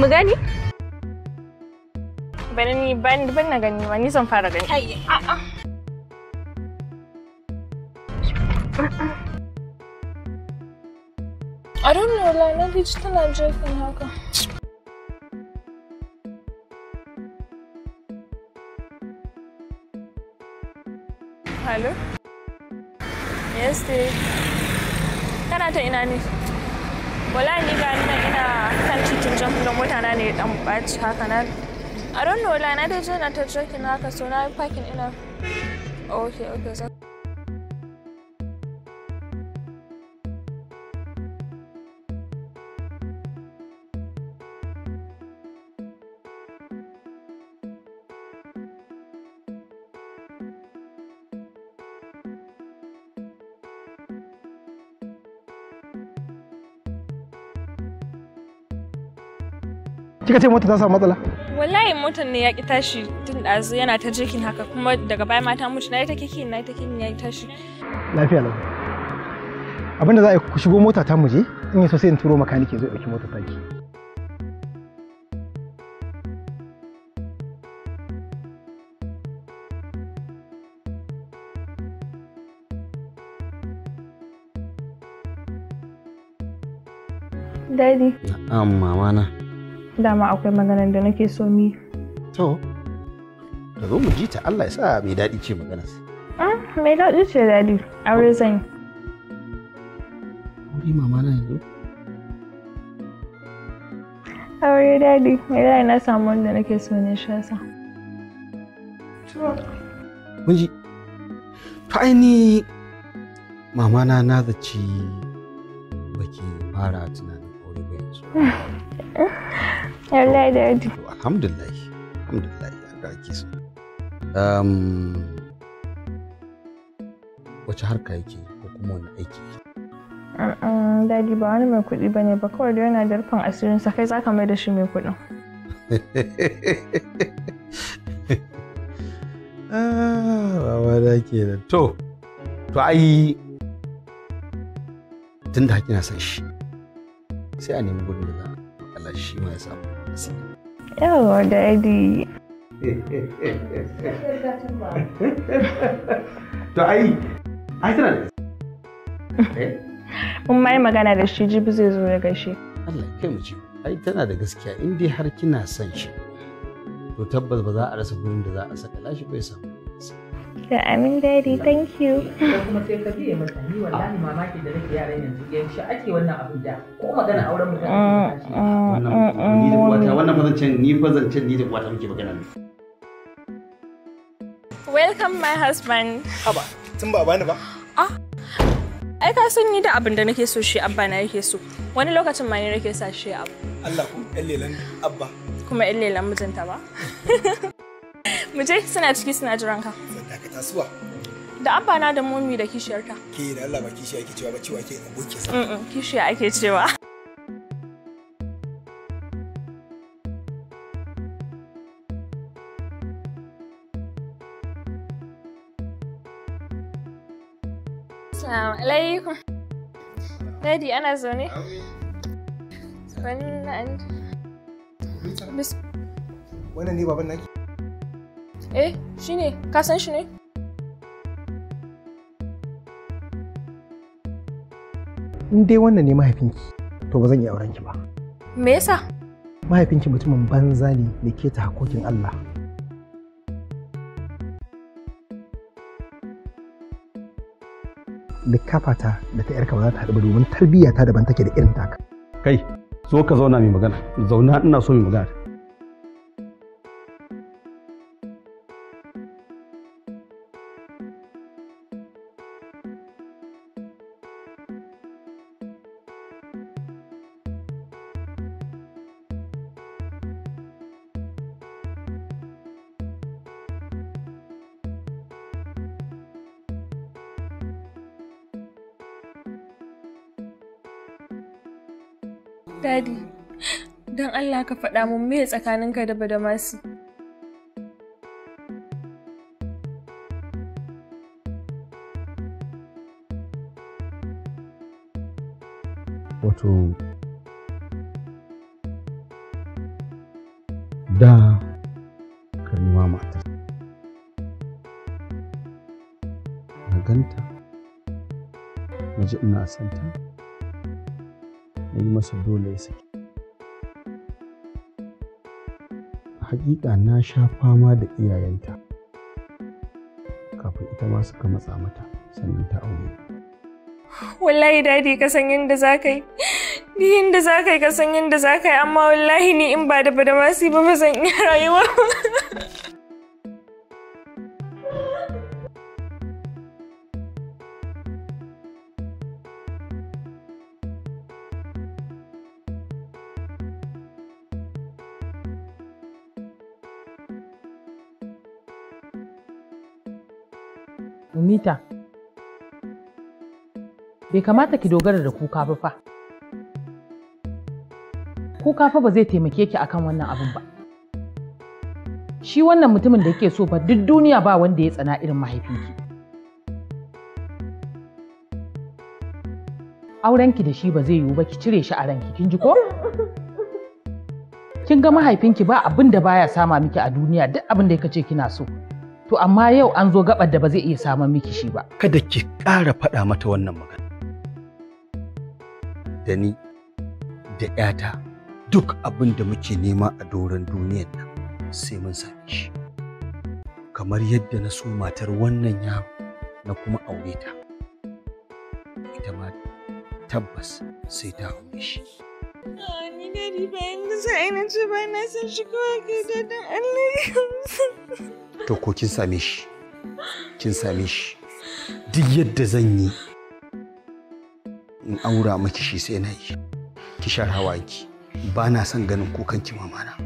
mu gani bani ni ban ban na gani ba ni son fara gani kai a'a I don't know, Lana, did you tell I'm joking, Haka? Hello? Yes, dear. Kana ta ina ne? Wala ni ga nan cikin jan kullum mutane ne dan baci haka na a don nola na dai jana ta jokin haka so na fakin ina okay, so... kika ce mota ta samu matsala wallahi motar ne ya ki tashi tun ɗazu yana ta jikin haka kuma daga baya ma ta mutu na yi ta kiki na yi ta kiki ya tashi lafiya lafiya abinda za a yi ku shigo mota ta muje in yi so sai in turo makaniki zai ɗauki mota taki Daddy. Um, mama na. dama akwai maganar da nake so mi to da zo mu ji ta Allah ya sa mai daɗi ce magana ah, mai daɗi ce daɗi aure zan yi mama na yanzu aure daɗi mai daɗi na samu wanda nake so ne shi yasa mun ji to aini mama na na zaci baki fara tunanin aure ba yanzu yadi ake ko kuma wani aiki Daji ba wani mai kuɗi ba ne ba kawai da yana da asirin sa kai za ka mai da shi mai kuɗin. Ah, baba da to, to ai tun da haƙi san shi. sai a nemi gudun da za Allah shi ma ya samu yawa daddy to ai ai tana da eh? mun mai magana da shi jibi zai zo ya gashi Allah kai mu ci ai tana da gaskiya in dai har kina son shi to tabbas ba za a rasa gurin da za a saka lashi bai samu da amin daddy thank you ko kuma sai ka biye masa ni wallahi mamaki da nake yaran yanzu shi ake wannan abin da ko magana auren mu wannan ni da uwata wannan fazancen ni fazancen ni da wata muke magana Welcome my husband. Haba, tun ba bani ba? Ah, ai ka san ni da abin da nake so shi abba na yake so wani lokacin ma ni nake sa shi abu Allah ku ƴan lelan abba kuma ƴan lelan mijinta ba Mu je suna ciki suna jiran ka. Sadaka ka tasuwa Da abba na da momi da kishiyar kishiyarta. Ke da Allah ba kishiya ake cewa ba cewa ke aboki sa. mm kishiya ake cewa. Assalamu alaikum. Daddy ana zaune? Wannan ne baban naki? eh ne, ka san shi ne in dai wannan ne mahaifinki to ba zan iya auren ki ba me yasa mahaifinki mutumin banza ne da ke ta hakokin Allah likafata da ta yarka ba za ta haɗu ba domin tarbiyya daban take da irin taka kai zo ka zauna mai magana zauna ina so mai magana ka faɗa mun me tsakaninka da Badamasi. Wato, da karima matar. Na ganta, na ji ina santa, na yi masa dole ya saki. hakika na sha fama da iyayenta kafin ita ma suka matsa mata sannan ta aure. Wallahi dadi ka san yadda za ka yi, ni yadda za ka yi ka san yadda za ka yi amma wallahi ni in ba da badamasi ba ba zan iya rayuwa. ba. bai kamata ki dogara da kuka ba fa kuka fa ba zai taimake ki akan wannan abin ba shi wannan mutumin da kike so fa duk duniya ba wanda ya tsana irin mahaifinki aurenki da shi ba zai yiwu ba ki cire shi a ranki kin ji ko kin ga mahaifinki ba abin da baya sama miki a duniya duk abin da kace kina so to amma yau an zo gabar da ba zai iya samun miki shi ba kada ki ƙara faɗa mata wannan magana da ni da ‘yata duk abin da muke nema a doron duniyar nan sai mun same shi kamar yadda na so matar wannan yaro na kuma aure ta ita ma tabbas sai ta aure shi san to ko kin same shi kin same shi duk yadda zan yi in aura miki shi sai na yi ki share ki ba na son ganin kukan ki mamana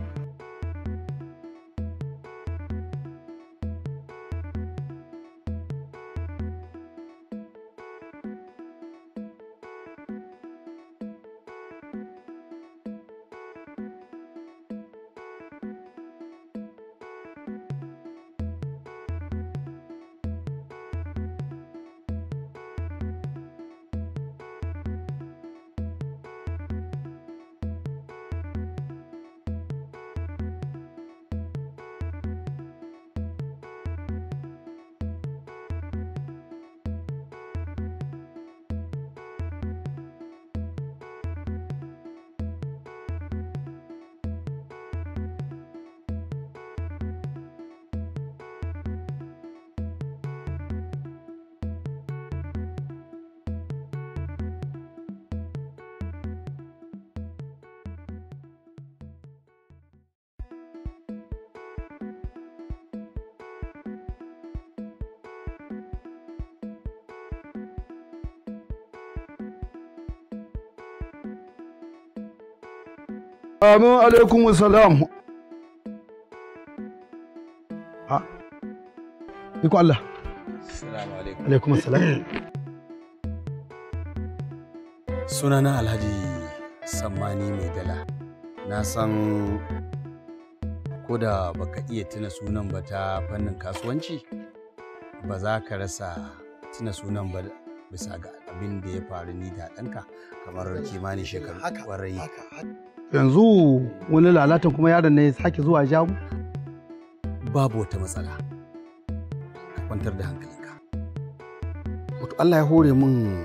Amin alaikum wasalam. Ha? Iko Allah. Assalamu alaikum. Alaikum wasalam. Sunana Alhaji Sammani Mai Dala. Na san koda baka iya tuna sunan ba ta fannin kasuwanci ba za ka rasa tuna sunan ba bisa ga abin da ya faru ni da ɗanka kamar kimanin shekaru ƙwarai. yanzu wani lalatan kuma yaron ne ya sake zuwa jago babu wata matsala ka kwantar da hankalinka wato Allah ya hore min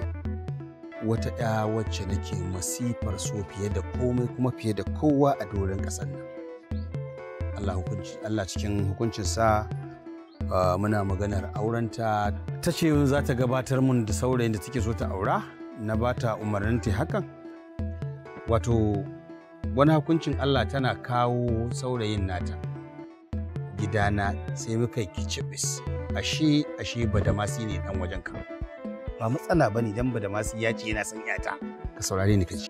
wata ya wacce nake masifar so fiye da komai kuma fiye da kowa a doron ƙasar nan Allah cikin hukuncinsa sa muna maganar aurenta ta ce za ta gabatar mun da saurayin da take so ta aura na bata umarnin ta hakan wato wani hukuncin Allah tana kawo saurayin nata gidana sai muka yi kicibis ashe ashe badamasi ne dan wajen ka ba matsala bane dan badamasi ya ce yana son yata ka saurare ni kaji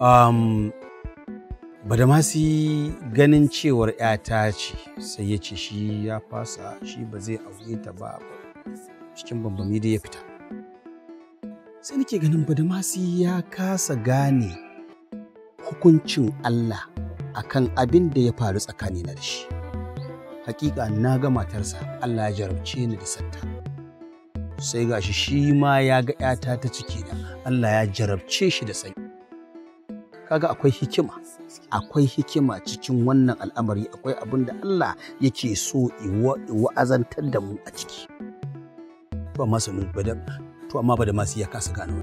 um badamasi ganin cewar yata ce sai ya ce shi ya fasa shi ba zai aure ta ba cikin bambami da ya fita sai nake ganin badamasi ya kasa gane hukuncin Allah akan abin da ya faru tsakanina da shi. Hakika na ga matarsa Allah ya jarabce ni da satta. Sai ga shi shi ma ya ga ‘yata ta ciki da Allah ya jarabce shi da sai. Kaga akwai hikima, akwai hikima cikin wannan al'amari akwai abin da Allah yake so wa'azantar da mu a ciki. To amma ba da masu ya kasa gano.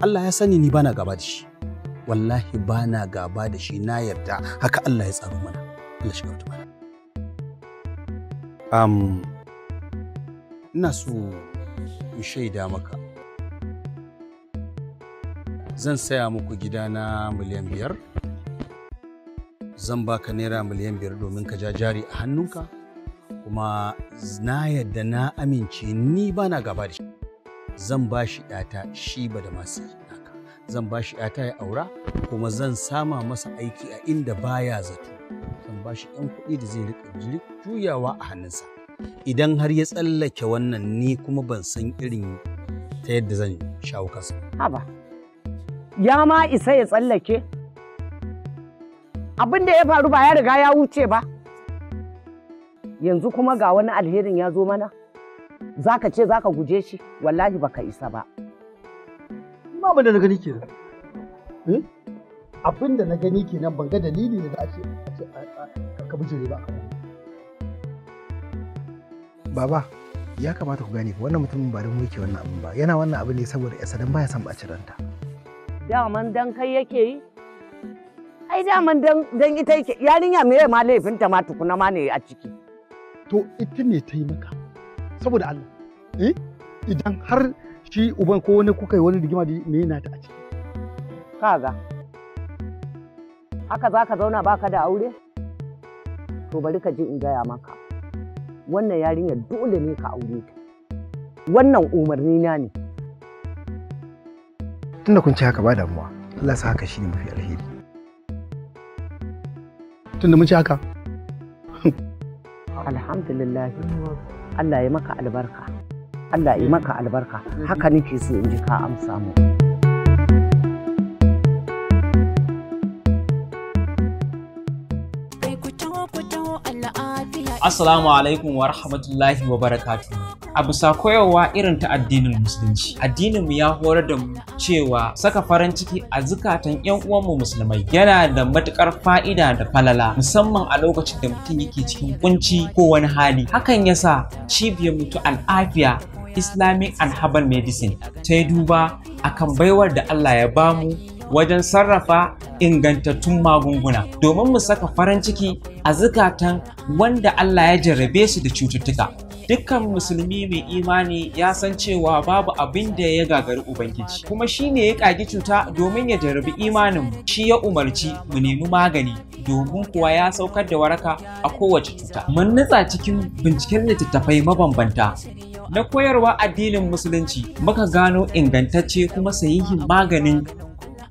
Allah ya sani ni bana gaba da shi. wallahi ba na gaba da shi na yarda haka Allah ya tsaro mana Allah shi kautu mana um, ina so in shaida maka zan saya muku gida na miliyan biyar zan baka naira miliyan biyar domin ka ja jari a hannunka kuma na yadda na amince ni ba na gaba da shi zan ba shi ɗata shi ba da masu yi zan ba shi ‘yata ya aura kuma zan sama masa aiki a inda baya zato zan ba shi ‘yan kuɗi da zai riƙa juyawa a hannunsa idan har ya tsallake wannan ni kuma ban san irin ta yadda zan shawo kansa. Haba, ya ma isa ya tsallake? Abin da ya faru ba ya riga ya wuce ba. Yanzu kuma ga wani alherin ya zo mana, za ka ce za ka guje shi, wallahi baka isa ba. ma abin da na gani kenan eh? abin da na gani nan ban ga dalili da za a ce ka bijire ba baba ya kamata ku gane wannan mutumin ba da mu yake wannan abin ba yana wannan abin ne saboda ya sadan baya son bacin ranta daman dan kai yake yi ai daman dan dan ita yake yarinya me ma laifin ta ma tukuna ma ne a ciki to ita ne ta yi maka saboda Allah eh idan har shi uban ko wani kuka yi wani rigima da me yana ta a ciki kaga haka za zauna baka da aure to bari ka je in gaya maka wannan yarinya dole ne ka aure ta wannan umarni na ne tunda kun ci haka ba damuwa Allah sa haka shine mafi alheri tunda mun ci haka alhamdulillah Allah ya maka albarka Allah ya maka albarka haka nake so in ji ka amsa mu Assalamu alaikum wa rahmatullahi wa barakatu. A bisa koyarwa irin ta addinin musulunci, addininmu ya horar da mu cewa saka farin ciki a zukatan 'yan uwanmu musulmai yana da matukar fa'ida da falala musamman a lokacin da mutum yake cikin kunci ko wani hali. Hakan yasa cibiyar mutu al'afiya Islamic and Herbal Medicine ta yi duba akan baiwar da Allah ya ba mu wajen sarrafa ingantattun magunguna domin mu saka farin ciki a zukatan wanda Allah ya jarrabe su da cututtuka. Dukkan musulmi mai imani ya san cewa babu abin da ya gagari Ubangiji, kuma shi ne ya ƙage cuta domin ya jarrabi imanin shi ya umarci mu nemi magani domin kuwa ya saukar da waraka a kowace cuta. Mun nutsa cikin binciken littattafai mabambanta na koyarwa addinin musulunci muka gano ingantacce kuma sahihin maganin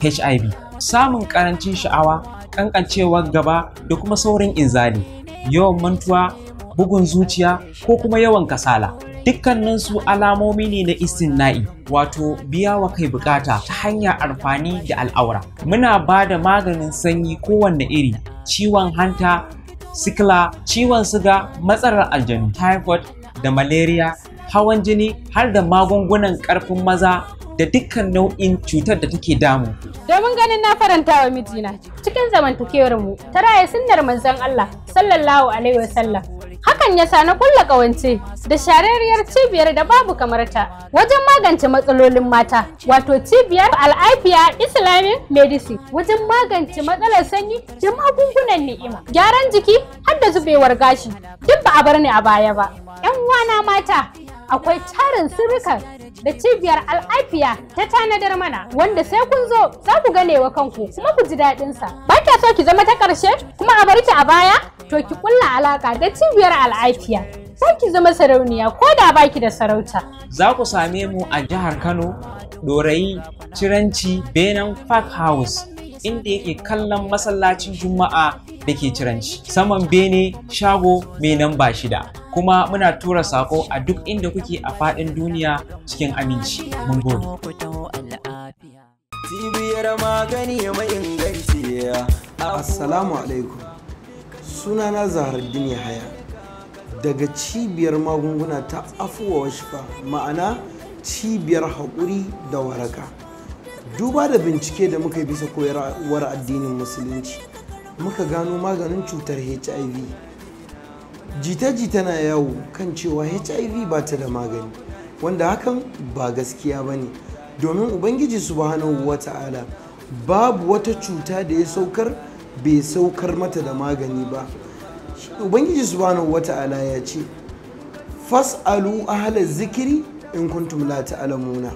HIV samun karancin sha'awa kankancewar gaba da kuma saurin inzali yawan mantuwa bugun zuciya ko kuma yawan kasala dukkaninsu alamomi ne na istinna'i wato biya wa kai bukata ta hanyar amfani da al'aura muna ba da maganin sanyi kowanne iri ciwon hanta sikila ciwon suga, matsalar aljanu typhoid da malaria hawan jini har da magungunan karfin maza da dukkan nau'in cutar da take damu. Domin ganin na faranta wa mijina cikin zamantakewar mu ta raya sunnar manzon Allah sallallahu alaihi wasallam. Hakan ya sa na kulla kawance da shararriyar cibiyar da babu kamar ta wajen magance matsalolin mata wato cibiyar al'afiya Islamic Medicine wajen magance matsalar sanyi da magungunan ni'ima gyaran jiki har da zubewar gashi duk ba a bar ni a baya ba. 'Yan uwana mata akwai tarin sirrikan da cibiyar al'afiya ta tanadar mana wanda sai kun zo za ku ganewa kanku kuma ku ji daɗin sa. Ba kya so ki zama ta ƙarshe kuma a bar ki a baya to ki kulla alaƙa da cibiyar al'afiya. Sai ki zama sarauniya ko da ba ki da sarauta. Za ku same mu a jihar Kano, Dorayi, Ciranci, Benin Park House, inda yake kallon masallacin juma'a da ke ciranci saman bene shago mai namba shida kuma muna tura sako a duk inda kuke a faɗin duniya cikin aminci mun gode assalamu alaikum sunana zahar dini haya daga cibiyar magunguna ta afuwa shifa ma'ana cibiyar haƙuri da waraka duba da bincike da muka yi bisa koyarwar addinin musulunci muka gano maganin cutar hiv jita-jita na yawo kan cewa hiv ba ta da magani wanda hakan ba gaskiya ba ne domin ubangiji subhanahu wa ta'ala babu wata cuta da ya saukar bai saukar mata da magani ba ubangiji subhanahu wa ta'ala ya ce fas'alu ahalar zikiri in kuntum la alamuna.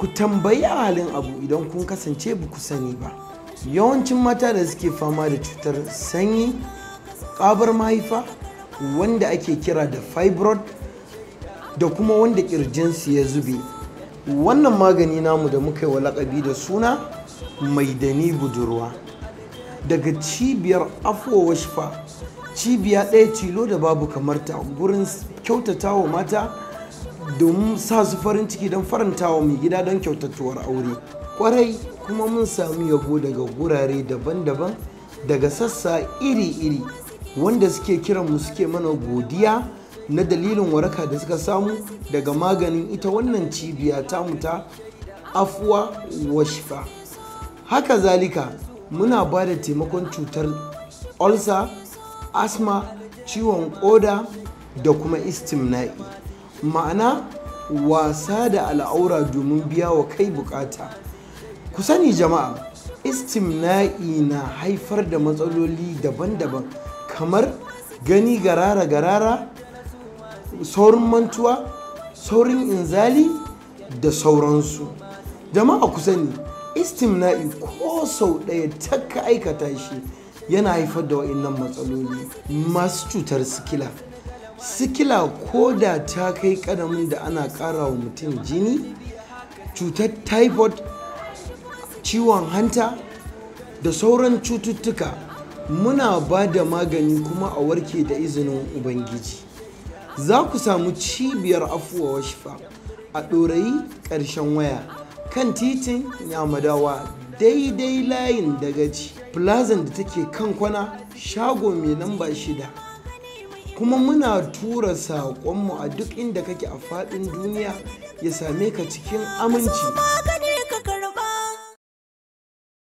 ku tambayi halin abu idan kun kasance ba ku sani ba yawancin mata da suke fama da cutar sanyi ƙabar mahaifa wanda ake kira da fibroid da kuma wanda ƙirjinsu ya zube wannan magani namu da muka yi wa lakabi da suna mai dani budurwa daga cibiyar afuwa shifa cibiya ɗaya tilo da babu kamarta gurin kyautatawa mata domin sa su farin ciki don farantawa mai gida don kyautattuwar aure kwarai kuma mun sami yabo daga gurare daban-daban daga sassa iri-iri wanda suke kiran mu suke mana godiya na dalilin waraka da suka samu daga maganin ita wannan cibiya tamu ta afuwa washifa haka zalika muna ba da taimakon cutar ulcer, asma ciwon koda da kuma istimna'i. ma'ana wasa da al'aura domin biya wa kai bukata ku sani jama'a istimna'i na haifar da matsaloli daban-daban kamar gani garara-garara saurin mantuwa saurin inzali da sauransu jama'a ku sani istimna'i ko sau ɗaya takka aikata shi yana haifar da wa'innan matsaloli masu cutar sikila sikila ko da ta kai kadamin da ana kara wa mutum jini cutar typhoid ciwon hanta da sauran cututtuka muna ba da magani kuma a warke da izinin ubangiji za ku samu cibiyar afuwa washifa a ɗorayi ƙarshen waya kan titin yamadawa daidai layin da gaji. plazan da take kan kwana shago mai lamba shida kuma muna tura saƙonmu a duk inda kake a faɗin duniya ya same ka cikin aminci.